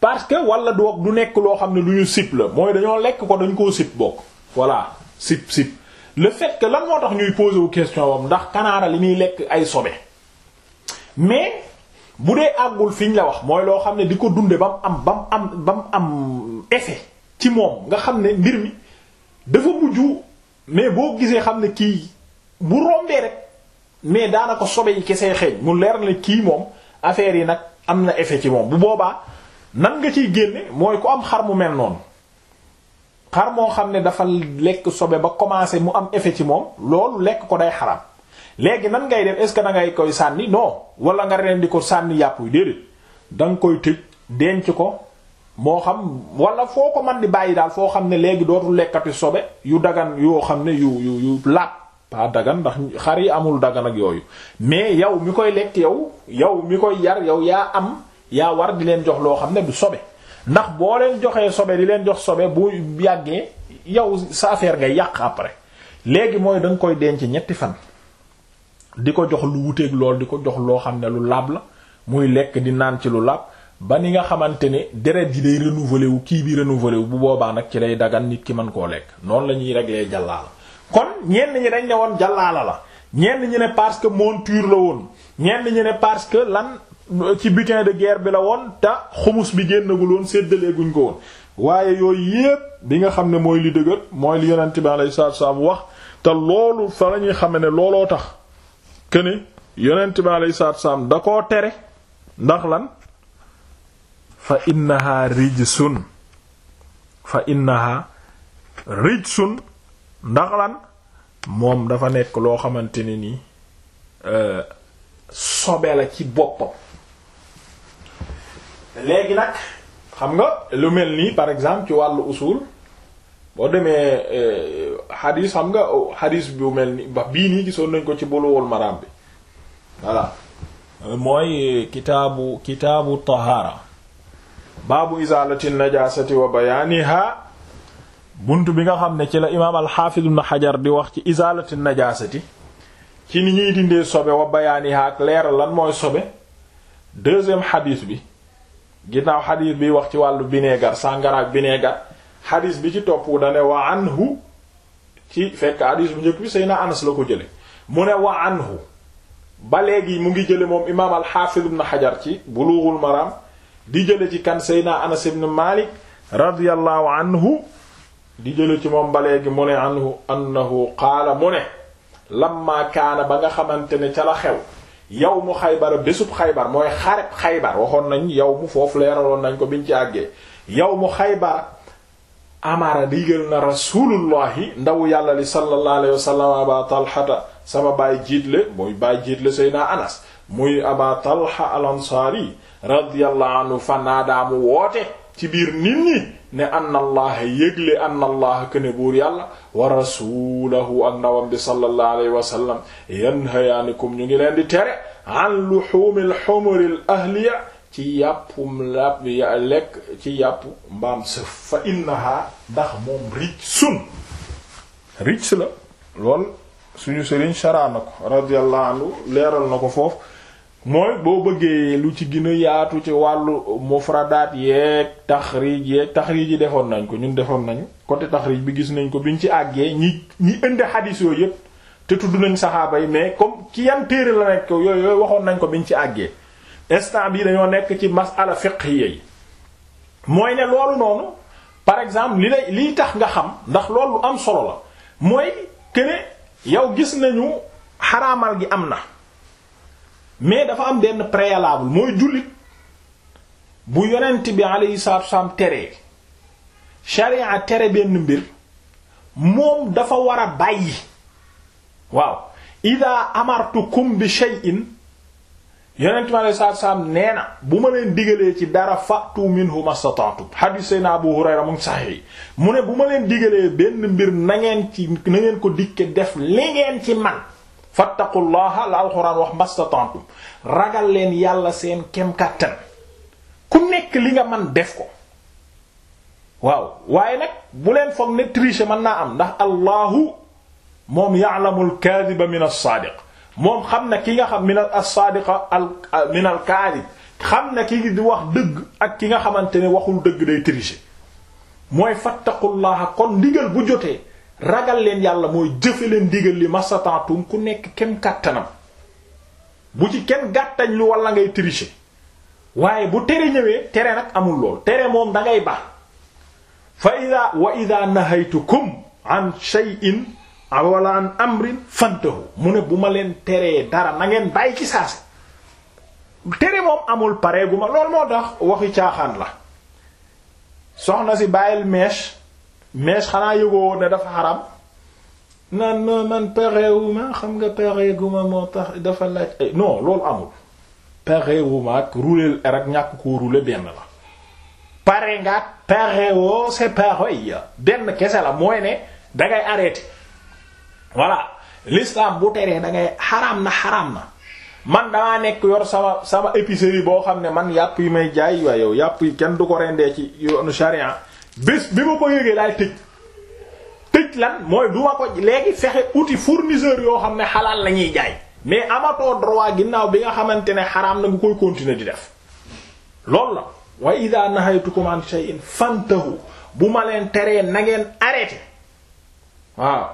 parce que wala doog du nekk loo xam ne lu ñu sip la mooy dañoo lekk ko dañ koo sip bokk voilà sip sip le fait que lan moo tax ñuy poser wu question wam ndax kanaara li muy lekk ay sobe mais bu dee àggul fi ñu la wax mooy loo xam ne di ko dunde ba mu am ba mu am ba am effet ci moom nga xam ne mbir mi dafa mujj mais boo gisee xam ne kii bu rombee rek mais daanaka sobe yi kese xeeñ mu leer na kii moom affaire yi nag am na effet ci moom bu boobaa nan nga ciy génne mooy ku am xar mu mel noonu xar moo xam ne dafa lekk sobe ba commencé mu am effet ci moom loolu lekk ko day xaram léegi nan ngay dem est ce que da ngay koy sànni non wala nga rendi ko sànni yàpp yu déedéet da nga koy tëj denc ko moo xam wala foo ko man di bàyyi daal foo xam ne léegi dootul lekkati sobe yu dagan yoo xam ne yu yu yu laat pas dagan ndax xar yi amul dagan ak yooyu mais yow mi koy lekk yow yow mi koy yar yow yaa am yaa war di leen jox loo xam ne du sobe ndax boo leen joxee sobe di leen jox sobe bu yàggee yow sa affaire nga yàq après léegi mooy da koy denc ñetti fan di ko jox lu wuteeg lool di ko jox loo xam ne lu laab la muy lekk di naan ci lu laab ba ni nga xamante ne deret ji day renouveler wu kii bi renouveler wu bu boobaa nag ci lay dagan nit ki mën koo lekk noonu la ñuy régler jàllaala kon ñenn ñi dañ ne woon jàllaala la ñenn ñi ne parce que moon monture la woon ñenn ñi ne parce que lan ci butin de guerre bi la woon te xumus bi génnagul woon séddaleeguñ ko woon waaye yooyu yépp bi nga xam ne mooy li dëgër mooy li yonent bi alayhi salaatu salaam wax te loolu fa la ñuy xame ne looloo tax këne yonent bi alayhi salaatu salaam da ko tere ndax lan fa innaha rijsun fa innaha rijsun ndax lan moom dafa nekk loo xamante ni nii euh, sobe la ci boppam léegi nag xam nga lu mel nii par exemple ci wàllu usul boo demee xadis euh, xam nga xadis oh, bu mel ni ba bii nii gisoon nañ ko ci buluwul maram bi voilà mooy euh, kitaabu kitaabu tahaara baabu izalati najasati wa bayaaniha bunt bi nga xam ne ci la imaam alxaafiz ibn xajar di wax ci izalati najasati ci ni ñuy dindee sobe wa bayaaniha ak leeral lan mooy sobe deuxième xadis bi ginnaaw xadiis bi wax ci wàllu vinaigre sàngara ak vinaigre xadiis bi ci topp dane wa anhu ci fekk xadiis bu njëkk bi Seydina Anas la ko jële mu ne wa anhu ba léegi mu ngi jële moom imaam al-Hafiz ibn Hajar ci Bulughul Maram di jële ci kan seyna Anas ibn Malik radiyallahu anhu di jële ci moom ba léegi mu ne anhu annahu qaala mu ne lamma kaana ba nga xamante ne ca la xew yow mu xaybara bésub xaybar mooy xareb xaybar waxoon nañ yow mu foofu leeraloon nañ ko biñ ci àggee yow mu xaybar amara digal na rasulullahi ndawu yàlla li sallallahu alayhi talhata sama baay jiitle muy baay jiitle sayna anas muy aba talha al ansari radiyallahu anhu fanaadaa mu woote ci biir nit ñi ne anna allah yégle anna allah que ne buur yàlla wa rasulahu ak ndawam bi sallallahu alayhi wa sallam yanhayaanikum ñu ngi leen di tere an luhumil humuril ahliya ci yàppum lab ya lekk ci yàpp mbaam sëf fa innaha ndax moom rijsun rijs la lool suñu sëriñ sharaa na ko radiyallahu anhu leeral na ko foofu mooy boo bëggee lu ci gën yaatu ci wàllu mufradaat yeeg taxrij yee taxrij yi defoon nañ ko ñun defoon nañu côté taxrij bi gis nañ ko bi biñ ci àggee ñi ñi indi xadiis yooyu yépp te tudd nañ saxaaba yi mais comme ci yan téere la nekk yooyu yooyu waxoon nañ ko bi ñu ci àggee instant bi dañoo nekk ci masala fiqhiyya yi mooy ne lool noonu par exemple li lay liy tax nga xam ndax loolu am solo la mooy que yow gis nañu xaraamal gi am na mais dafa am benn préalable mooy jullit bu yonent bi alayhi salaatu wasalaam teree sharia tere benn mbir moom dafa war a bàyyi waaw ida amartukum bi shay'in yonent bi alayhi salaatu wasalaam nee na bu ma leen digalee ci dara fa'tu minhu mastata'tum hadith sayna Abu Hurayra mu ngi mu ne bu ma leen digalee benn mbir na ngeen ci na ko dikke def li ci man fattaqullaha la alxuraan wax mastata'tum ragal leen yàlla seen kem kàttan ku nekk li nga man def ko waaw waaye nag bu leen foog ne tricher mën naa am ndax allahu moom ya'lamul kaadiba min as-saadiq moom xam na ki nga xam min as-saadiqa min al-kaadib xam na ki di wax dëgg ak ki nga xamante ne waxul dëgg day tricher mooy fattaqullaha kon ndigal bu jotee ragal leen yàlla mooy jëfe leen digal li masataatum ku nekk kem kàttanam bu ci kenn gàttañ lu wala ngay tricher waaye bu tere ñëwee tere nag amul lool tere moom dangay ngay baax fa ida wa ida nahaytukum an shay'in wala an amrin fantahu mu ne bu ma leen teree dara na ngeen bàyyi ci saasi tere moom amul pareegu ma loolu moo tax waxi caaxaan la soxna si bàyyil mèche mèche xanaa yëgoo woon ne dafa xaram naan man parewuma xam nga parewuma moo tax dafa laaj eh, non loolu amul parewuma ak rouleel rek ñàkk koo roule benn la pare nga parewoo c'est pareil benn kese la mooy ne dangay arrêté voilà l'islam bu teree da ngay xaraam na xaraam na man damaa nekk yor sama sama épicerie boo xam ne man yàpp yi may jaay waaye yàpp yi kenn du ko rendee ci yoonu sharia bis bi ma ko yëgee laay tëj tëj lan mooy du ma ko léegi fexe outil fournisseur yoo xam ne xalaal lañuy ñuy jaay mais amatoo droit ginnaaw bi nga xamante ne xaraam na koy continuer di def loolu la wa idha nahaytukum an shay'in fantahu bu ma leen teree na ngeen arrêté waaw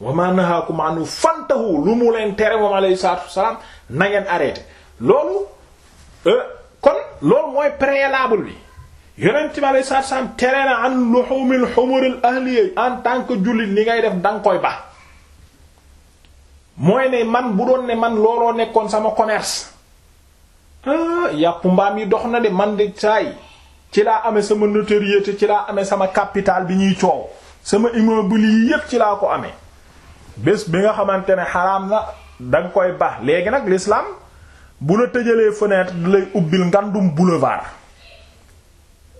wa ma nahakum anhu fantahu lu mu leen tere moom alayhi salaatu wasalaam na ngeen arrêté loolu euh, kon loolu mooy préalable bi yonent bi alayhi salaatu salaam tere na an luhumil humuril ahliya en tant que jullit li ngay def danga koy ba mooy ne man bu doon ne man looloo nekkoon sama commerce ah yàpp mbaam yi dox na de man de saay ci laa ame sama notoriété ci laa ame sama capital bi ñuy coow sama immeuble yi yépp ci laa ko amee bés bi nga xamante ne xaraam na danga koy ba léegi nag l'islam bu la tëjalee fenêtre lay ubbil ngandum boulevard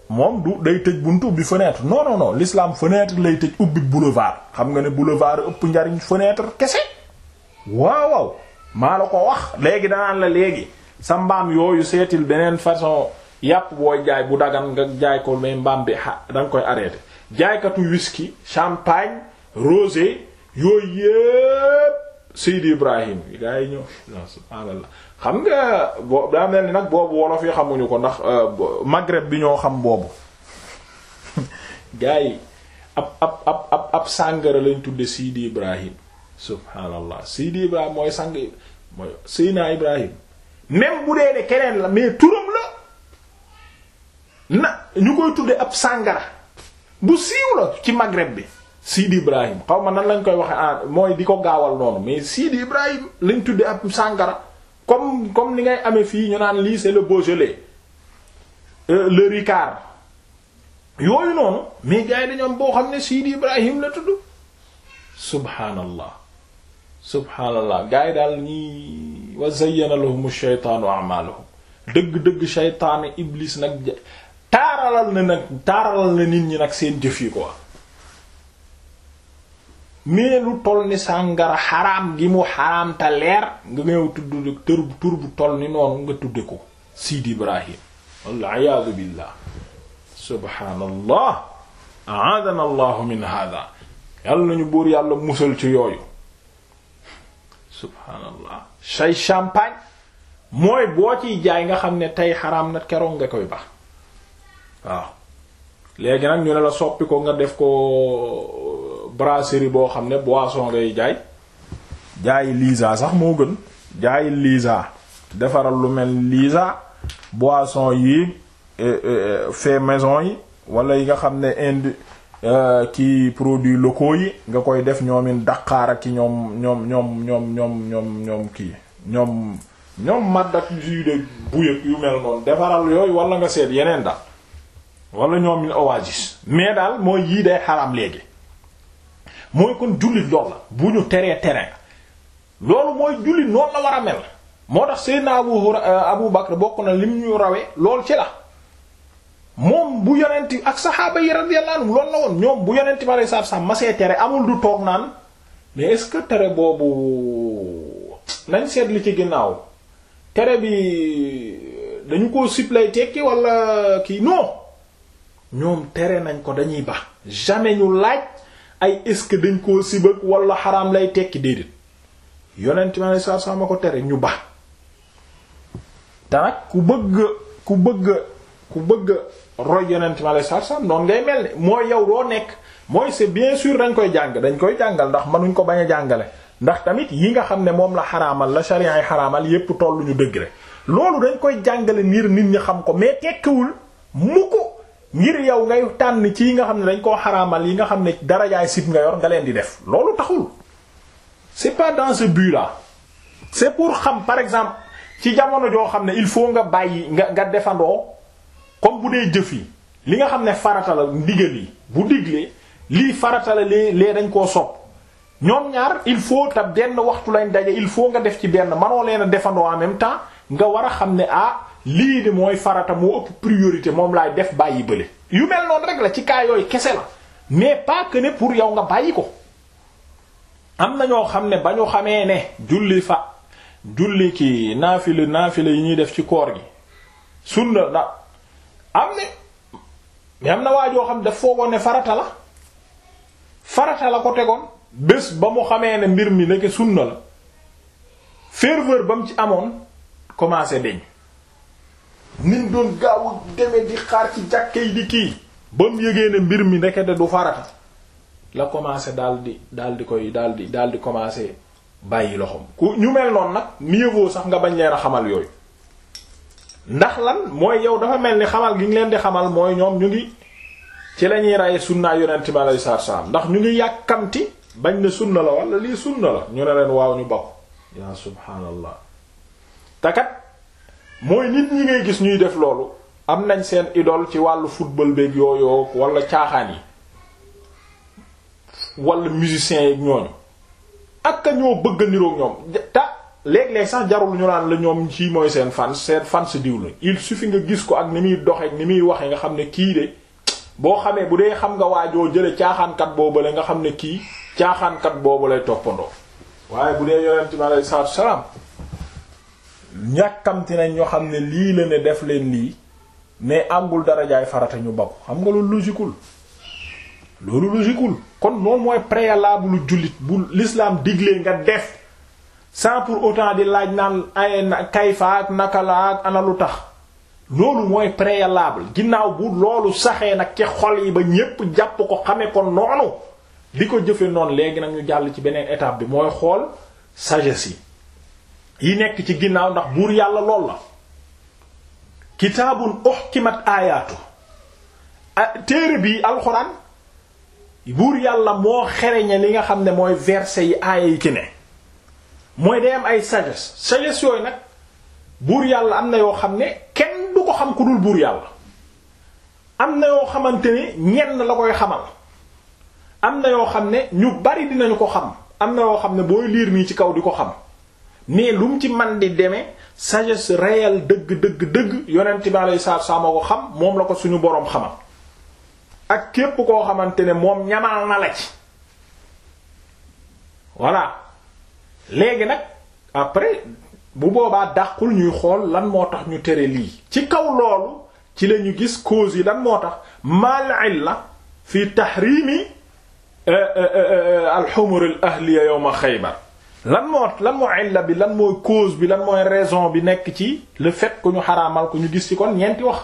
moom du day tëj buntu ubbi fenêtre non non non l'islam lay tëj ubbi boulevard xam nga ne boulevard ëpp njariñ fenêtre kese waaw waaw maa la ko wax léegi danaan la léegi sa mbaam yooyu seetil beneen façon yàpp booy jaay bu dagan nga jaay ko mais mbaam bi da nga koy arrêté jaaykatu whisky champagne rosé yooyu yépp Seydi Ibrahim yi gars yi ñëw subhaanallah xam nga boo daa mel ni nag boobu wolof yi xamuñu ko ndax euh, Maghreb bi ñoo xam boobu gars yi ab ab ab ab sàngara lañ tudde Sidi Ibrahim subhaanallah Sidi Ibrahim mooy sang mooy Seyna Ibrahim même bu dee ne keneen la mais turam la na ñu koy tudde ab sàngara bu siiw la ci Maghreb bi Sidi Ibrahim xaw ma na lañ koy waxe ah mooy di ko gaawal noonu mais Sidi Ibrahim lañ tudde ab sàngara comme comme li ngay amee fii ñu naan lii c'est le Beaujolais euh, le Ricard yooyu noonu mais gars yi boo xam ne Sidi Ibrahim la tudd subhaanallah subhaanallah gars yi daal ñii wa zayyana lahum shaytaanu a'maalahum dëgg-dëgg shaytaane iblis nag taaralal na nag nit ñi nag seen jëf yi mais lu toll ni sàngara xaraam gi mu xaraam te leer nga ñëw tudd tur tur bu toll ni noonu nga tudde ko Sidi Ibrahim waliyasu billah subhaanallah nañu buur yàlla musal ci yooyu subhaanallah say champagne mooy boo ciy jaay nga xam ne tey xaraam na keroog nga koy baax waaw léegi nag ñu ne la soppi ko nga def ko brasserie boo xam ne boisson ngay jaay jaayi lisa sax moo gën jaay lisa defaral lu mel lisa boisson yi eh, eh, fait maison yi wala yi nga xam ne indi euh, ki produits locaux yi nga koy def ñoomin Dakar ak ki ñoom ñoom ñoom ñoom ñoom ñoom ñoom kii ñoom ñoom madd ak jus de bouye yu mel noonu defaral yooyu wala nga seet yeneen daal wala ñoom oasis mais daal mooy yii day xaram léegi mooy kon jullit lool la bu ñu teree tere loolu mooy jullit noonu la war a mel moo tax Seydina Abu euh, Abu Bakr bokk na lim ñu rawee lool ci la moom bu yonent ak saxaaba yi radiyallahu anhum loolu la woon ñoom bu yenenti ma lay saab saab ma see tere amul du toog naan mais est-ce que tere boobu nañ seet li ci ginnaaw tere bi dañu ko siblay tekki wala kii non ñoom tere nañ ko dañuy ba jamais ñu laaj ay est-ce que dañ koo sibëg wala xaraam lay tekki déedéet yonent mi alei satu ma ko tere ñu ba te nag ku bëgg ku bëgg ku bëgg roy yonent mi alei satu salaam ngay mel ne mooy yow doo nekk mooy c'est bien sûr dañ koy jàng dañ koy jàngal ndax mënuñ ko bañ a jàngale ndax tamit yi nga xam ne moom la xaraamal la sharia yi xaraamal yépp tolluñu degré loolu dañ koy jàngale niir nit ñi xam ko mais tekkiwul mu ko ngir yow ngay tànn ci yi nga xam ne dañ koo xaraamal yi nga xam ne darajaay sib nga yor nga leen di def loolu taxul c'est pas dans ce but-là pour xam par exemple ci jamono joo xam ne il faut nga bàyyi nga nga defandoo comme bu dee jëf yi li nga xam ne farata la yi bu diglee lii farata la lee lee dañ koo sopp ñoom ñaar il faut te benn waxtu lañ daje il faut nga def ci benn manoo leen defandoo en même temps nga war a xam ne ah lii de mooy farata moo ëpp priorité moom laay def bàyyi bële yu mel noonu rek la ci kaa yooyu kese la mais pas ne pour yow nga bàyyi ko am na ñoo xam ne ba ñu xamee ne julli fa julli ki naafila naafila yi ñuy def ci koor gi sunna la am ne mais am na waa joo xam daf foogoon ne farata la farata la ko tegoon bés ba mu xamee ne mbir mi nekk sunna la ferveur ba mu ci amoon commencé deñ nin doon gaaw a demee di xaar ci jàkke di kii ba mu yëgee ne mbir mi ndekete du farata la commencé daal di daal di koy daal di daal di commencé bàyyi loxom ku ñu mel noonu nag mieux vaut sax nga bañ leen a xamal yooyu ndax lan mooy yow dafa mel ni xamal gi ñu leen di xamal mooy ñoom ñu ngi ci la ñuy raye sunnaa yonent bi alayhi salaam ndax ñu ngi yàkkamti bañ ne sunna la wala lii sunna la ñu ne leen waaw ñu bokk yaa subhaanallah mooy nit ñi ngay gis ñuy def loolu am nañ seen idole ci wàllu football beeg yooyu wala caaxaan yi wala musiciens yeeg ñooñu ak ñoo bëgg a niroog ñoom ta léeg-léeg sax jarul ñu naan la ñoom ci mooy seen seet fan si diw la il fi nga gis ko ak ni muy doxeek ni muy waxee nga xam ne kii de boo xamee bu dee xam nga waajoo jële caaxaankat boobu la nga xam ne kii caaxaankat boobu lay toppandoo waaye bu dee yonent bi salaam ñàkkamti nañ ñoo xam ne lii la ne def leen lii mais àggul darajaay farata ñu babu xam nga loolu logiqueul loolu logiqueul kon loolu mooy préalable lu jullit bu l'islam diglee nga def sans pour autant di laaj naan ay kayfa ak naka la ak ana lu tax loolu mooy préalable ginnaaw bu loolu saxee nag ci xol yi ba ñépp jàpp ko xamee ko noonu di ko jëfe noonu léegi nag ñu jàll ci beneen étape bi mooy xool sagesse yi yi nekk ci ginnaaw ndax buur yàlla lool la kitaabun uhkimat aayaatu téere bii alxuraan buur yàlla moo xereñe li nga xam ne mooy verset yi aaya yi ci ne mooy day am ay sagesse sagesse yooyu nag buur yàlla am na yoo xam ne kenn du ko xam ku dul buur yàlla am na yoo xamante ne ñenn la koy xamal am na yoo xam ne ñu bari dinañu ko xam am na yoo xam ne booy liir nii ci kaw di ko xam mais lu mu ci man di demee sagesse réelle dëgg dëgg dëgg yonent bi alayhi salaatu salaam moo ko xam moom la ko suñu boroom xamal ak képp koo xamante ne moom ñamal na la ci voilà léegi nag après bu boobaa dàqul ñuy xool lan moo tax ñu tere lii ci kaw loolu ci la ñu gis cause yi lan moo tax mal la fi tahrimi euh, euh, euh, al humur al ahliya yawma lan moo lan moo illa bi lan moo cause bi lan mooy raison bi nekk ci le fait que ñu xaraamal ko ñu gis ci kon ñeenti wax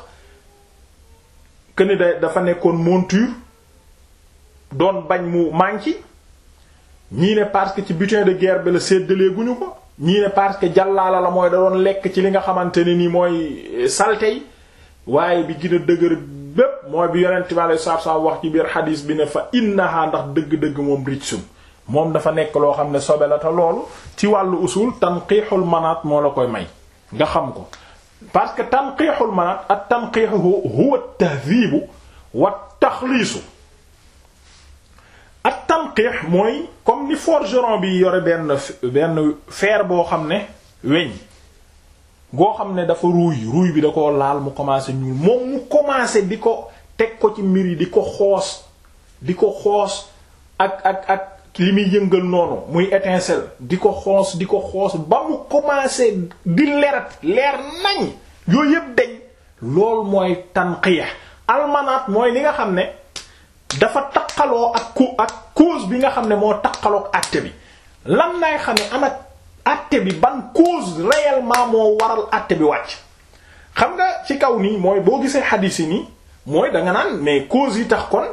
que ni da dafa nekkoon monture doon bañ mu manqué ñii ne parce que ci butin de guerre bi la séddalee guñu ko ñii ne parce que jàllaala la mooy da doon lekk ci li nga xamante ne ni mooy eh, salte yi waaye bi gën a dëgër bépp mooy bi yonent bi alei satu wax ci biir xadiis bi ne fa innaha ndax dëgg-dëgg moom ricsun moom dafa nekk loo xam ne sobe la te loolu ci wàllu usul tanqiixul manaat moo la koy may nga xam ko parce que tanqiixul manaat ak tanqiixu huwa tahdiibu wat taxliisu ak tanqiix mooy comme ni forgeron bi yore benn benn boo xam ne weñ goo xam ne dafa ruuy ruuy bi da ko laal mu commencé ñuul moom mu commencé di ko teg ko ci mbir yi di ko xoos di ko xoos ak ak ak li muy yëngal noonu muy étincelle di ko xoos di ko xoos ba mu commencé di lerat leer nañ yooyu yëpp deñ loolu mooy tanqiya almanaat mooy li nga xam ne dafa taqaloo ak ku ak cause bi nga xam ne moo taqaloo ak àtte bi lan lay xam ne ana àtte bi ban cause réellement moo waral àtte bi wàcc xam nga ci kaw nii mooy boo gisee xadiis yi nii mooy danga naan mais cause yi tax kon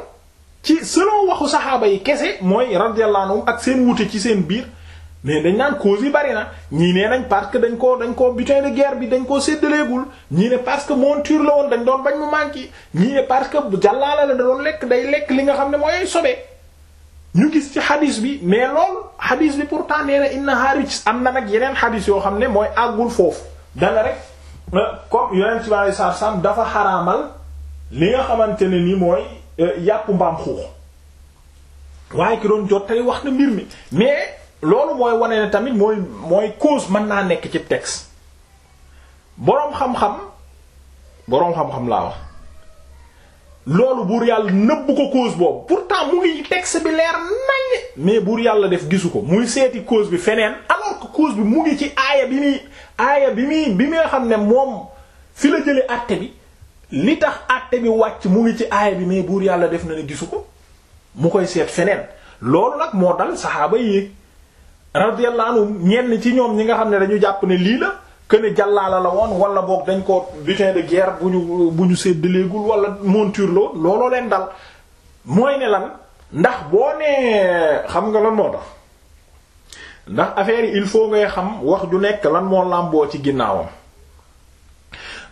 ci selon waxu saxaaba yi kese mooy radiyallahu anhum ak seen wute ci seen biir mais dañ naan cause yi bari na ñii nee nañ parce que dañ ko dañ ko butin de guerre bi dañ koo séddaleegul ñii ne parce que monture la woon dañ doon bañ mu manqué ñii ne parce que jàllaala la da doon lekk day lekk li nga xam ne mooy sobe ñu gis ci xadis bi mais loolu xadis bi pourtant nee na inna haaric am na nag yeneen xadis yoo xam ne mooy àggul foofu dana rek euh, comme yonent bi dafa xaraamal li nga xamante ne ni Euh, yàpp mbaam xuux waaye ki doon jot tey wax na mbir mi mais loolu mooy wane ne tamit mooy mooy cause mën naa nekk ci texte boroom xam-xam boroom xam-xam laa wax loolu buur yàlla nëbb ko cause boobu pourtant mu ngi texte bi leer nañ mais buur yàlla def gisu ko muy seeti cause bi feneen alors que cause bi mu ngi ci aaya bi muy aaya bi muy bi nga xam ne moom fi la jëlee àtte bi li tax àtte bi wàcc mu ngi ci aay bi mais buur yàlla def na ne gisu ko mu koy seet feneen loolu nag moo dal saxaaba yi radiyallahu anhum ñenn ci ñoom ñi nga xam ne dañu jàpp ne lii la que ne jàllaala la woon wala boog dañ ko butin de bu ñu bu ñu séddaleegul wala monture loo looloo leen dal mooy ne lan ndax boo nee xam nga lan moo tax ndax affaire yi il faut ngay xam wax ju nekk lan moo làmboo ci ginnaawam.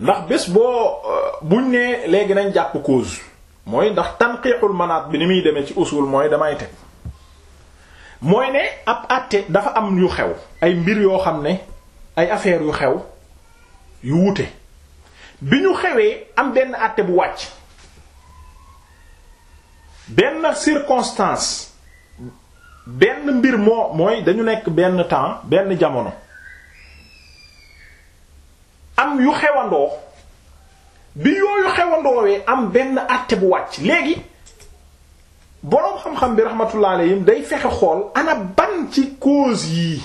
ndax bés boo euh, buñ nee léegi nañ jàpp cause mooy ndax tanqiixul manaat bi ni muy demee ci usul mooy damay teg mooy ne ab àtte dafa am yu xew ay mbir yoo xam ne ay affaires yu xew yu wuute bi ñu xewee am benn àtte bu wàcc benn circonstance benn mbir moo mooy dañu nekk benn temps benn jamono am yu xewandoo bi yooyu xewandoowee am benn àtte bu wàcc léegi boroom xam-xam bi rahmatullah alayhim day fexe xool ana ban ci cause yi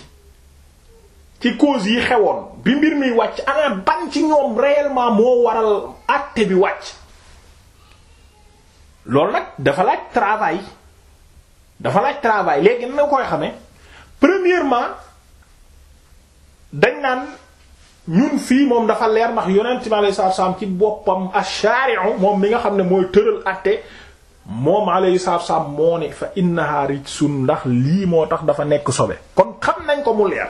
ci cause yi xewoon bi mbir mi wàcc ana ban ci ñoom réellement moo waral àtte bi wàcc loolu nag dafa laaj travail dafa laaj travail léegi na koy xamee premièrement dañ naan ñun fii moom dafa leer ndax yonent mi alayhi salaatu salaam ci boppam ash-shari'u moom mi nga xam ne mooy tëral àtte moom alayhi salaatu salaam moo ne fa innaha rijsun ndax lii moo tax dafa nekk sobe kon xam nañ ko mu leer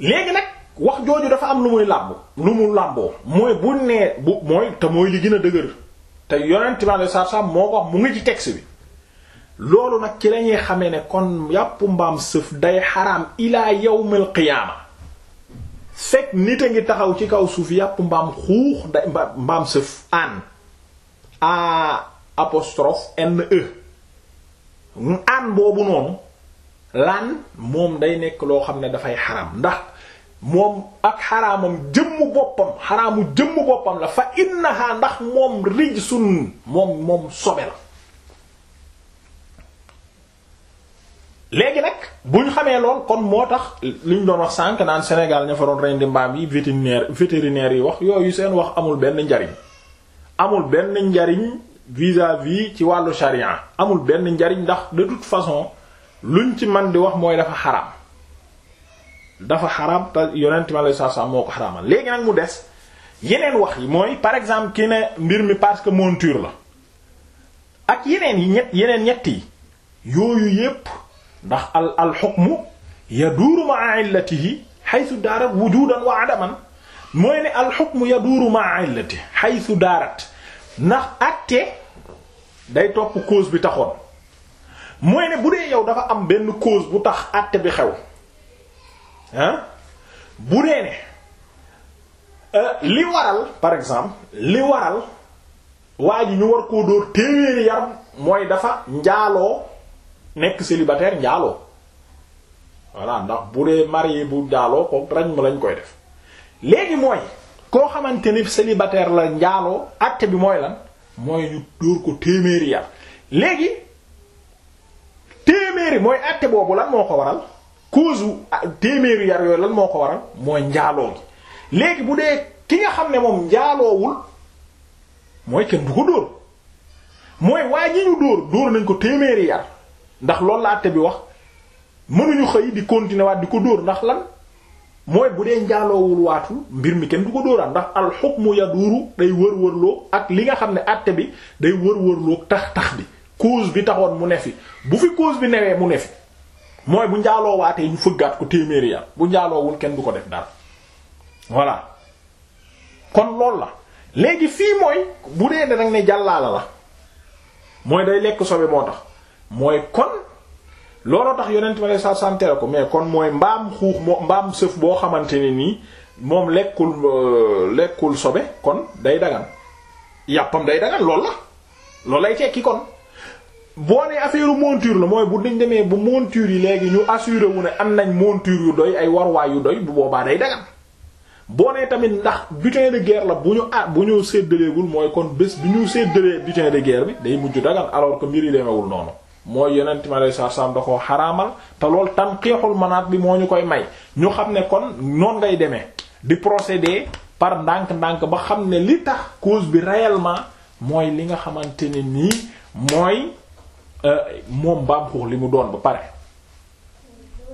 léegi nag wax jooju dafa am lu muy làmb lu mu làmboo mooy bu nee bu mooy te mooy li gën a dëgër te yonent mi alayhi salaatu moo ko wax mu ngi ci texte bi loolu nag ci lañuy xamee ne kon yàppu mbaam sëf day xaraam ilaa yawmil qiyaama fekk nit a ngi taxaw ci kaw suuf yàpp mbaam xuux mbaam sëf an a apostrophe n e an boobu noonu lan moom day nekk loo xam ne dafay xaram ndax moom ak xaraamam jëmm boppam xaraamu jëmm boppam la fa innaha ndax moom rijsun moom moom sobe la léegi nag bu ñu xamee lool kon moo tax li ñu doon wax sànq naan Sénégal ña fa doon rendi mbaam yi vétérinaire vétérinaire yi wax yooyu seen wax amul benn njariñ amul benn njariñ vis à ci wàllu charia amul benn njariñ ndax de toute façon luñ ci man di wax mooy dafa xaraam dafa xaraam te yonent ma lay moo ko xaraamal léegi nag mu des yeneen wax yi mooy par exemple ki ne mbir mi parce que monture la ak yeneen yi ñett yooyu yépp ndax al al xukmu yaduuru ma'a illatihi haythu daarat wujudan wa adaman mooy ne al xukmu yaduuru ma'a illatihi haythu daarat ndax àtte day topp cause bi taxoon mooy ne bu dee yow dafa am benn cause bu tax àtte bi xew ah bu dee ne euh, li waral par exemple li waral waa ji ñu war koo dóor téeméeri yaram mooy dafa njaaloo nekk célibataire njaaloo voilà ndax bu dee marié bu njaaloo ko rañ ma lañ koy def léegi mooy koo xamante ni célibataire la njaaloo acte bi mooy lan mooy ñu dóor ko téeméeri yar mooy acte boobu lan moo ko ah, téeméeri yar yooyu lan moo ko waral mooy njaaloo gi léegi bu dee ki nga xam ne moom njaaloowul mooy kenn du ko dóor mooy waa ji ñu dóor dóor nañ ko téeméeri yar ndax loolu la àtte bi wax mënuñu xëy di continuer waat di ko dóor ndax lan mooy bu dee njaaloowul waatu mbir mi kenn du ko dóoraat ndax al hukmu yaduuru day wër-wërloo ak li nga xam ne àtte bi day wër-wërloo tax tax bi cause bi taxoon mu ne fi bu fi cause bi newee mu ne fi mooy bu njaaloo waatee ñu fëggaat ko téeméeri yam bu njaaloowul kenn du ko def dara voilà kon loolu la léegi fii mooy bu dee da nag ne jàllaala la mooy day lekk sobe moo tax. mooy kon looloo tax yonent ma lay sa santere ko mais kon mooy mbaam xuux moo mbaam sëf boo xamante ne nii moom lekkul euh, lekkul sobe kon day dagan yàppam day dagan lool la loolu lay tekki kon boo ne affaire monture la mooy bu dañ demee bu monture yi léegi ñu assuré wu ne am nañ monture yu doy ay warwaay yu doy bu boobaa day dagan boo nee tamit ndax butin de guerre la bu ñu ah bu ñu séddaleegul mooy kon bés bi ñu séddalee butin de guerre bi day mujj dagan alors que mbir yi noonu mooy yeneen time alay saa saam da koo xaraamal te loolu tanqiixul manaat bi moo ñu koy may ñu xam ne kon noon ngay deme di procéder par ndànk-ndànk ba xam ne li tax cause bi réellement mooy li nga xamante ne nii mooy euh, moom mbaam li mu doon ba pare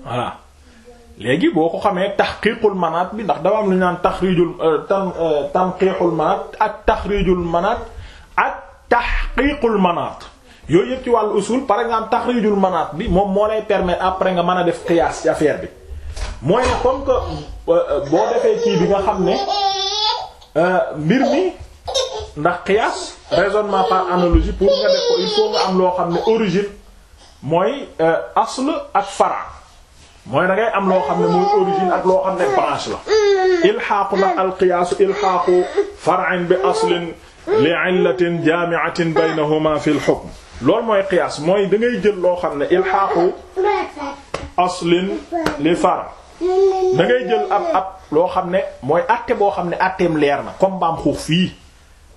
voilà léegi boo ko xamee taxqiiqul manaat bi ndax dafa am lu ñu naan taxriijul euh, tan euh, tanqiixul manaat ak taxriijul manaat ak taxqiiqul manaat yooyu yëpp ci wàll usul par exemple taxrijul manaat bi moom moo lay permettre après nga mën a def qiyaas ci affaire bi mooy ne comme que euh, boo defee kii bi nga xam ne euh, mbir mi ndax qiyaas raisonnement par analogie pour nga def ko il faut nga am loo xam ne origine mooy euh, asl ak fara mooy da am loo xam ne mooy origine ak loo xam ne branche la ilxaaqu ndax alqiyaasu ilxaaqu far'in bi aslin li illatin jaami'atin baynahuma fi al-hukm loolu mooy qiyaas mooy da ngay jël loo xam ne ilxaaqu aslin li far da ngay jël ab ab loo xam ne mooy àtte boo xam ne àtteem leer na comme mbaam xuux fii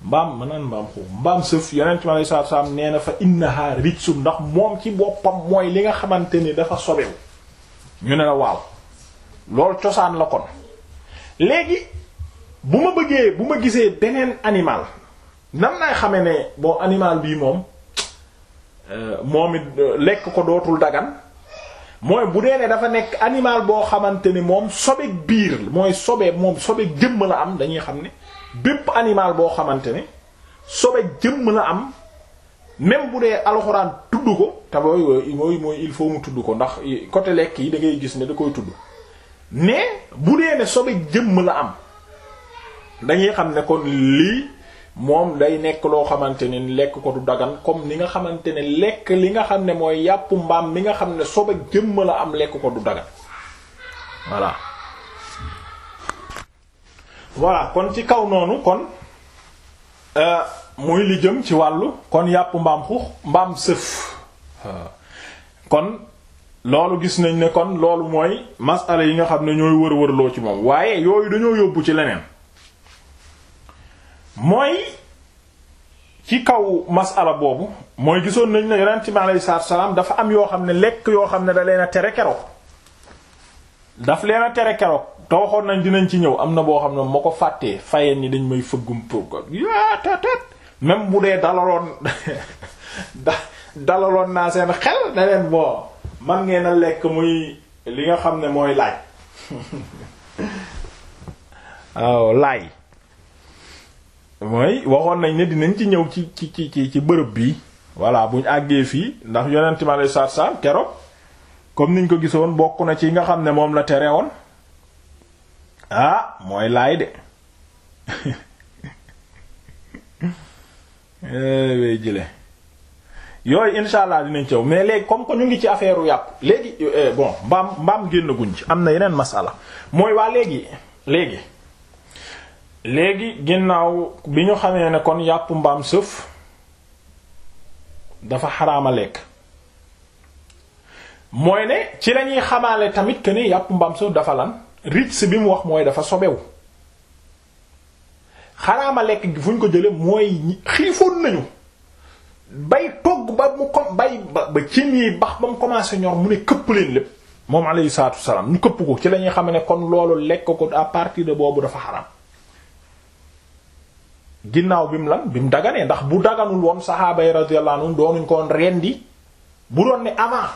mbaam mënaan mbaam xuux mbaam sëf yonent mi alei satu salaam nee na fa innaha rijsun ndax moom ci boppam mooy li nga xamante ni dafa sobewu ñu ne la waaw loolu cosaan la kon léegi bu ma bëggee bu ma gisee beneen animal nan laay xamee ne bon animal bii moom Euh, moom it euh, lekk ko dootul dagan mooy bu dee ne dafa nekk animal boo xamante ni moom sobeek biir mooy sobee moom sobeek jëmm la am dañuy xam ne bépp animal boo xamante ne sobeek jëmm la am même bu dee alxuraan tudd ko te booy mooy il faut mu tudd ko ndax côté lekk yi da ngay gis ne da koy tudd mais bu dee ne sobeek jëmm la am dañuy xam ne kon lii moom day nekk loo xamante ne ni lekk ko du dagan comme ni nga xamante ne lekk li nga xam ne mooy yàpp mbaam mi nga xam ne soba jëmm la am lekk ko du dagan voilà voilà kon ci kaw noonu kon euh, muy li jëm ci wàllu kon yàpp mbaam xux mbaam sëf euh, kon loolu gis nañ ne kon loolu mooy masala yi nga xam ne ñooy wër-wërloo ci moom waaye yooyu dañoo yóbbu ci leneen mooy ci kaw mas masala boobu mooy gisoon nañ ne yonent bi alayhi salaatu dafa am yoo xam ne lekk yoo xam ne da leen a tere keroog daf leen a tere keroog te nañ dinañ ci ñëw am na boo xam ne moo ko fàttee fayeen ni dañ may fëggum pour yaa tëtët même bu dee dalaloon da dalaloon naa seen xel ne leen boo man ngeen a lekk muy li nga xam ne mooy laaj waaw laaj mooy waxoon nañ ne dinañ ci ñëw ci ci ci ci ci bërëb bii voilà buñ àggee fii ndax yonent mi aleyhi salaatu salaam keroog comme niñ ko gisoon bokk na ci nga xam ne moom la tere woon ah mooy laay de eh, way jële yooyu insha allah dinañ cëw mais léegi comme que ñu ngi ci affaire yàpp léegi eh, bon mbaam mbaam génn guñ ci am na yeneen masala mooy waa léegi léegi léegi ginnaaw bi ñu xamee ne kon yàpp mbaam sëf dafa xaraama lekk mooy ne ci lañuy xamaale tamit que ni yàpp mbaam sëf dafa lan ritz bi mu wax mooy dafa sobewu xaraama lekk gi fu ñu ko jële mooy xiifoon nañu bay togg ba mu ko ba cin yi bax ba mu ñor mu ne këpp leen lépp moom alayhi salaatu wa salaam ñu këpp ko ci lañuy xamee ne kon loolu lekk ko à partir boobu dafa xaraam ginnaaw bi mu lan bi mu daganee ndax bu daganul woon saxaaba yi radiyallahu anhum doonuñ ko woon rendi bu doon ne avant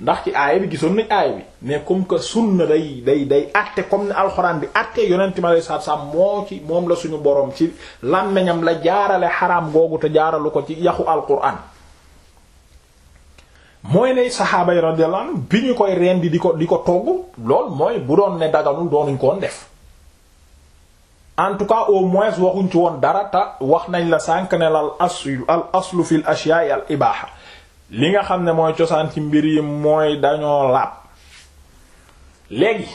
ndax ci aaya bi gisoon nañ aaya bi mais comme que sunna day day day àtte comme ne alxuraan bi àtte yonent ma alayhi salaatu moo ci moom la suñu borom ci làmmiñam la jaarale xaraam googu te jaaralu ko ci yaxu alxuraan mooy ne saxaaba yi bi ñu koy rendi di ko di ko togg lool mooy bu doon ne daganul doonuñ ko woon def en tout cas au moins waxuñ ci woon dara te wax nañ la sànk ne la al aslu al aslu fil ashyaa'i al ibaaha li nga xam ne mooy cosaan ci mbir yi mooy dañoo laab léegi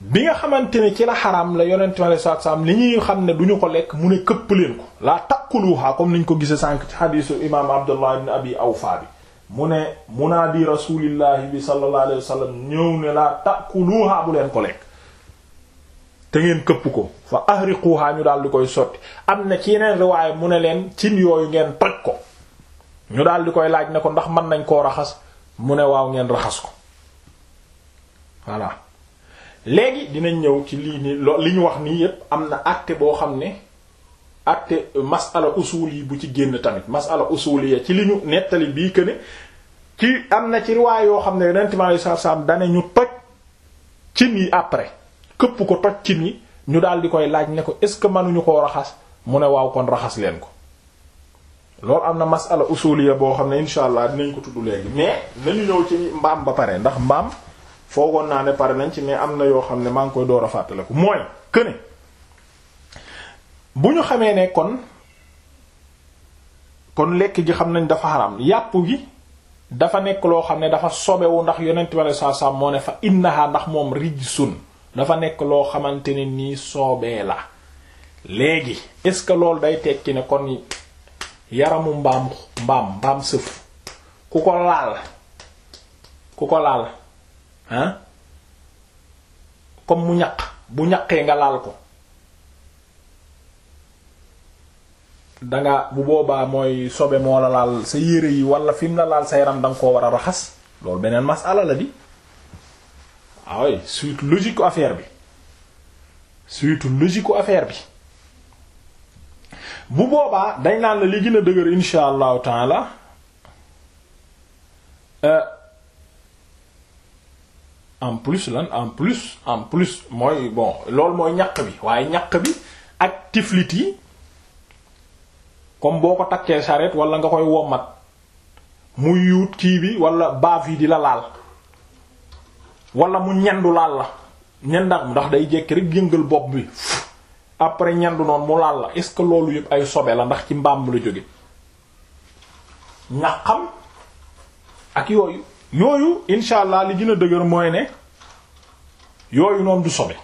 bi nga xamante ne ci la xaraam la yonent mi saa saam li ñuy xam ne du ñu ko lekk mu ne këpp leen ko laa taquluha comme ñu ko gisee sànq ci xadiisu imaam Abdullah ibn Abi Awfa bi mu ne munaadi rasulillahi bi sallallahu alayhi wa sallam ñëw ne laa taquluha bu leen ko lekk. te ngeen këpp ko fa ahriquha ñu daal koy sotti am na ci yeneen riwaaya mu ne leen cin yooyu ngeen toj ko ñu daal di koy laaj na ko ndax mën nañ koo raxas mu ne waaw ngeen raxas ko voilà léegi dinañ ñëw ci lii ni li ñu wax nii yépp am na acte boo xam ne acte masala usul yi bu ci génn tamit masala usul yi ci li ñu nettali bii que ne ci am na ci riwaay yoo xam ne yonent mi sallallahu alayhi ñu toj cin yi après këpp ko toj ci yi ñu daal di koy laaj ne ko est ce que mënuñu koo raxas mu ne waaw kon raxas leen ko loolu am na masala usuliya boo xam ne insha allah dinañ ko tudd léegi mais nañu ñëw ci mbaam ba pare ndax mbaam foogoon naa ne pare nañ ci mais am na yoo xam ne maa ngi koy door a fàttaliku mooy que ñu xamee ne kon kon lekk ji xam nañ dafa xaram yàpp gi dafa nekk loo xam ne dafa sobewu ndax yonent bi sallallahu alayhi wasallam moo ne fa innaha ndax moom rijsun dafa nekk loo xamante ne nii soobee la léegi est-ce que loolu day tekki ne kon yaramu mbaam mbaam mbaam sëf ku ko laal ku ko laal ah comme mu ñaq bu ñaqee nga laal ko danga bu boobaa mooy soobe moo la laal sa yére yi wala fi mu la laal sa yaram danga koo war a raxas loolu beneen masala la di ah oui suite logique affaire bi suite logique affaire bi bu boobaa dañ naan la li gën a dëgër insha allahu taala euh, en plus lan en plus en plus mooy bon ñaq bi waaye ñaq bi ak tiflit comme boo ko takkee charrette wala nga koy wommat muy yuut kii bi wala baaf yi di la laal wala mu ñendu laal la mu ndax day jekki rek yëngal bopp bi après ñendu noonu mu laal la est ce que loolu yëpp ay sobe la ndax ci mbaam la jóge ñaxam ak yooyu yooyu incha allah li gën a dëgër mooy ne yooyu noonu du sobe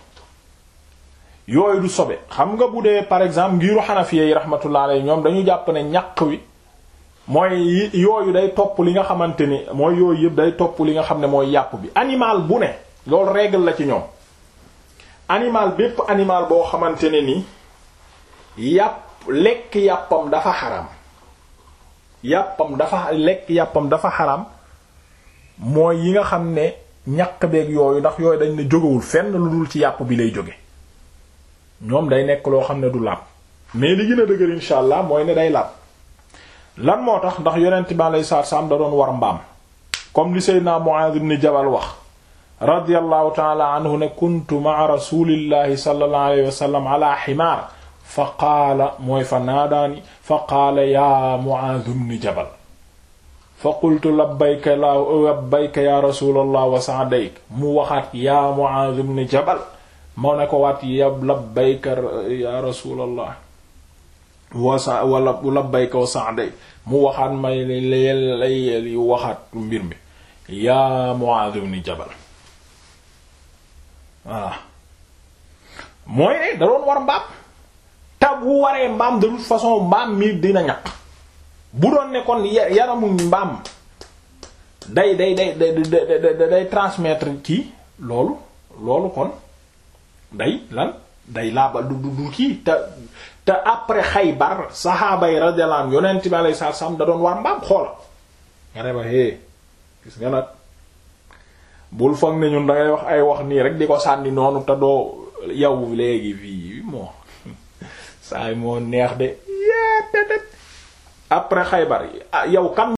yooyu du sobe xam nga bu dee par exemple ngiru xanafiya yi rahmatullah yi ñoom dañu jàpp ne ñaq wi mooy yooyu day topp li nga xamante ni mooy yooyu yëpp day topp li nga xam ne mooy yàpp bi animal bu ne loolu règle la ci ñoom animal bépp animal boo xamante ne ni yàpp lekk yàppam dafa xaram yàppam dafa lekk yàppam dafa xaram mooy yi nga xam ne ñaq beeg yooyu ndax yooyu dañ ne jógewul fenn lu dul ci yàpp bi lay jóge ñoom day nekk loo xam ne du làpp mais li gën a dëgër insha mooy ne day làpp lan moo tax ndax yonent bi alayhi salaatu salaam da doon war mbaam comme li Seydina wax radiyallahu taala anhu ne kuntu ma'a rasulillahi sallallahu alayhi wa sallam ala ximaar fa qaala mooy fa naadaani fa qaala yaa Muaaz ibn Jabal fa qultu labbayka ya rasulallah wa sa'dayk mu waxaat yaa Muaaz ibn Jabal moo ne ko ya labbayka ya wasa wala labbayka wa sa'day mu waxaat may leel lay yu waxaat mbir mi yaa Mu'adh ibn Jabal voilà ah. mooy ne da doon war mbaam te bu waree mbaam de toute façon mbaam mi dina ñaq bu doon ne yaramu mbaam day day day day day kii loolu loolu kon day lan day laabal du du kii te après Xaybar saxaaba yi radiyallahu anhum yonent bi alayhi salaatu salaam da doon war mbaam xoola nga ne ma hé gis nga nag bul foog ne ñun wax ay wax nii rek di ko sànni noonu te doo yow léegi fii moo saay moo neex de après Xaybar ah, yow kam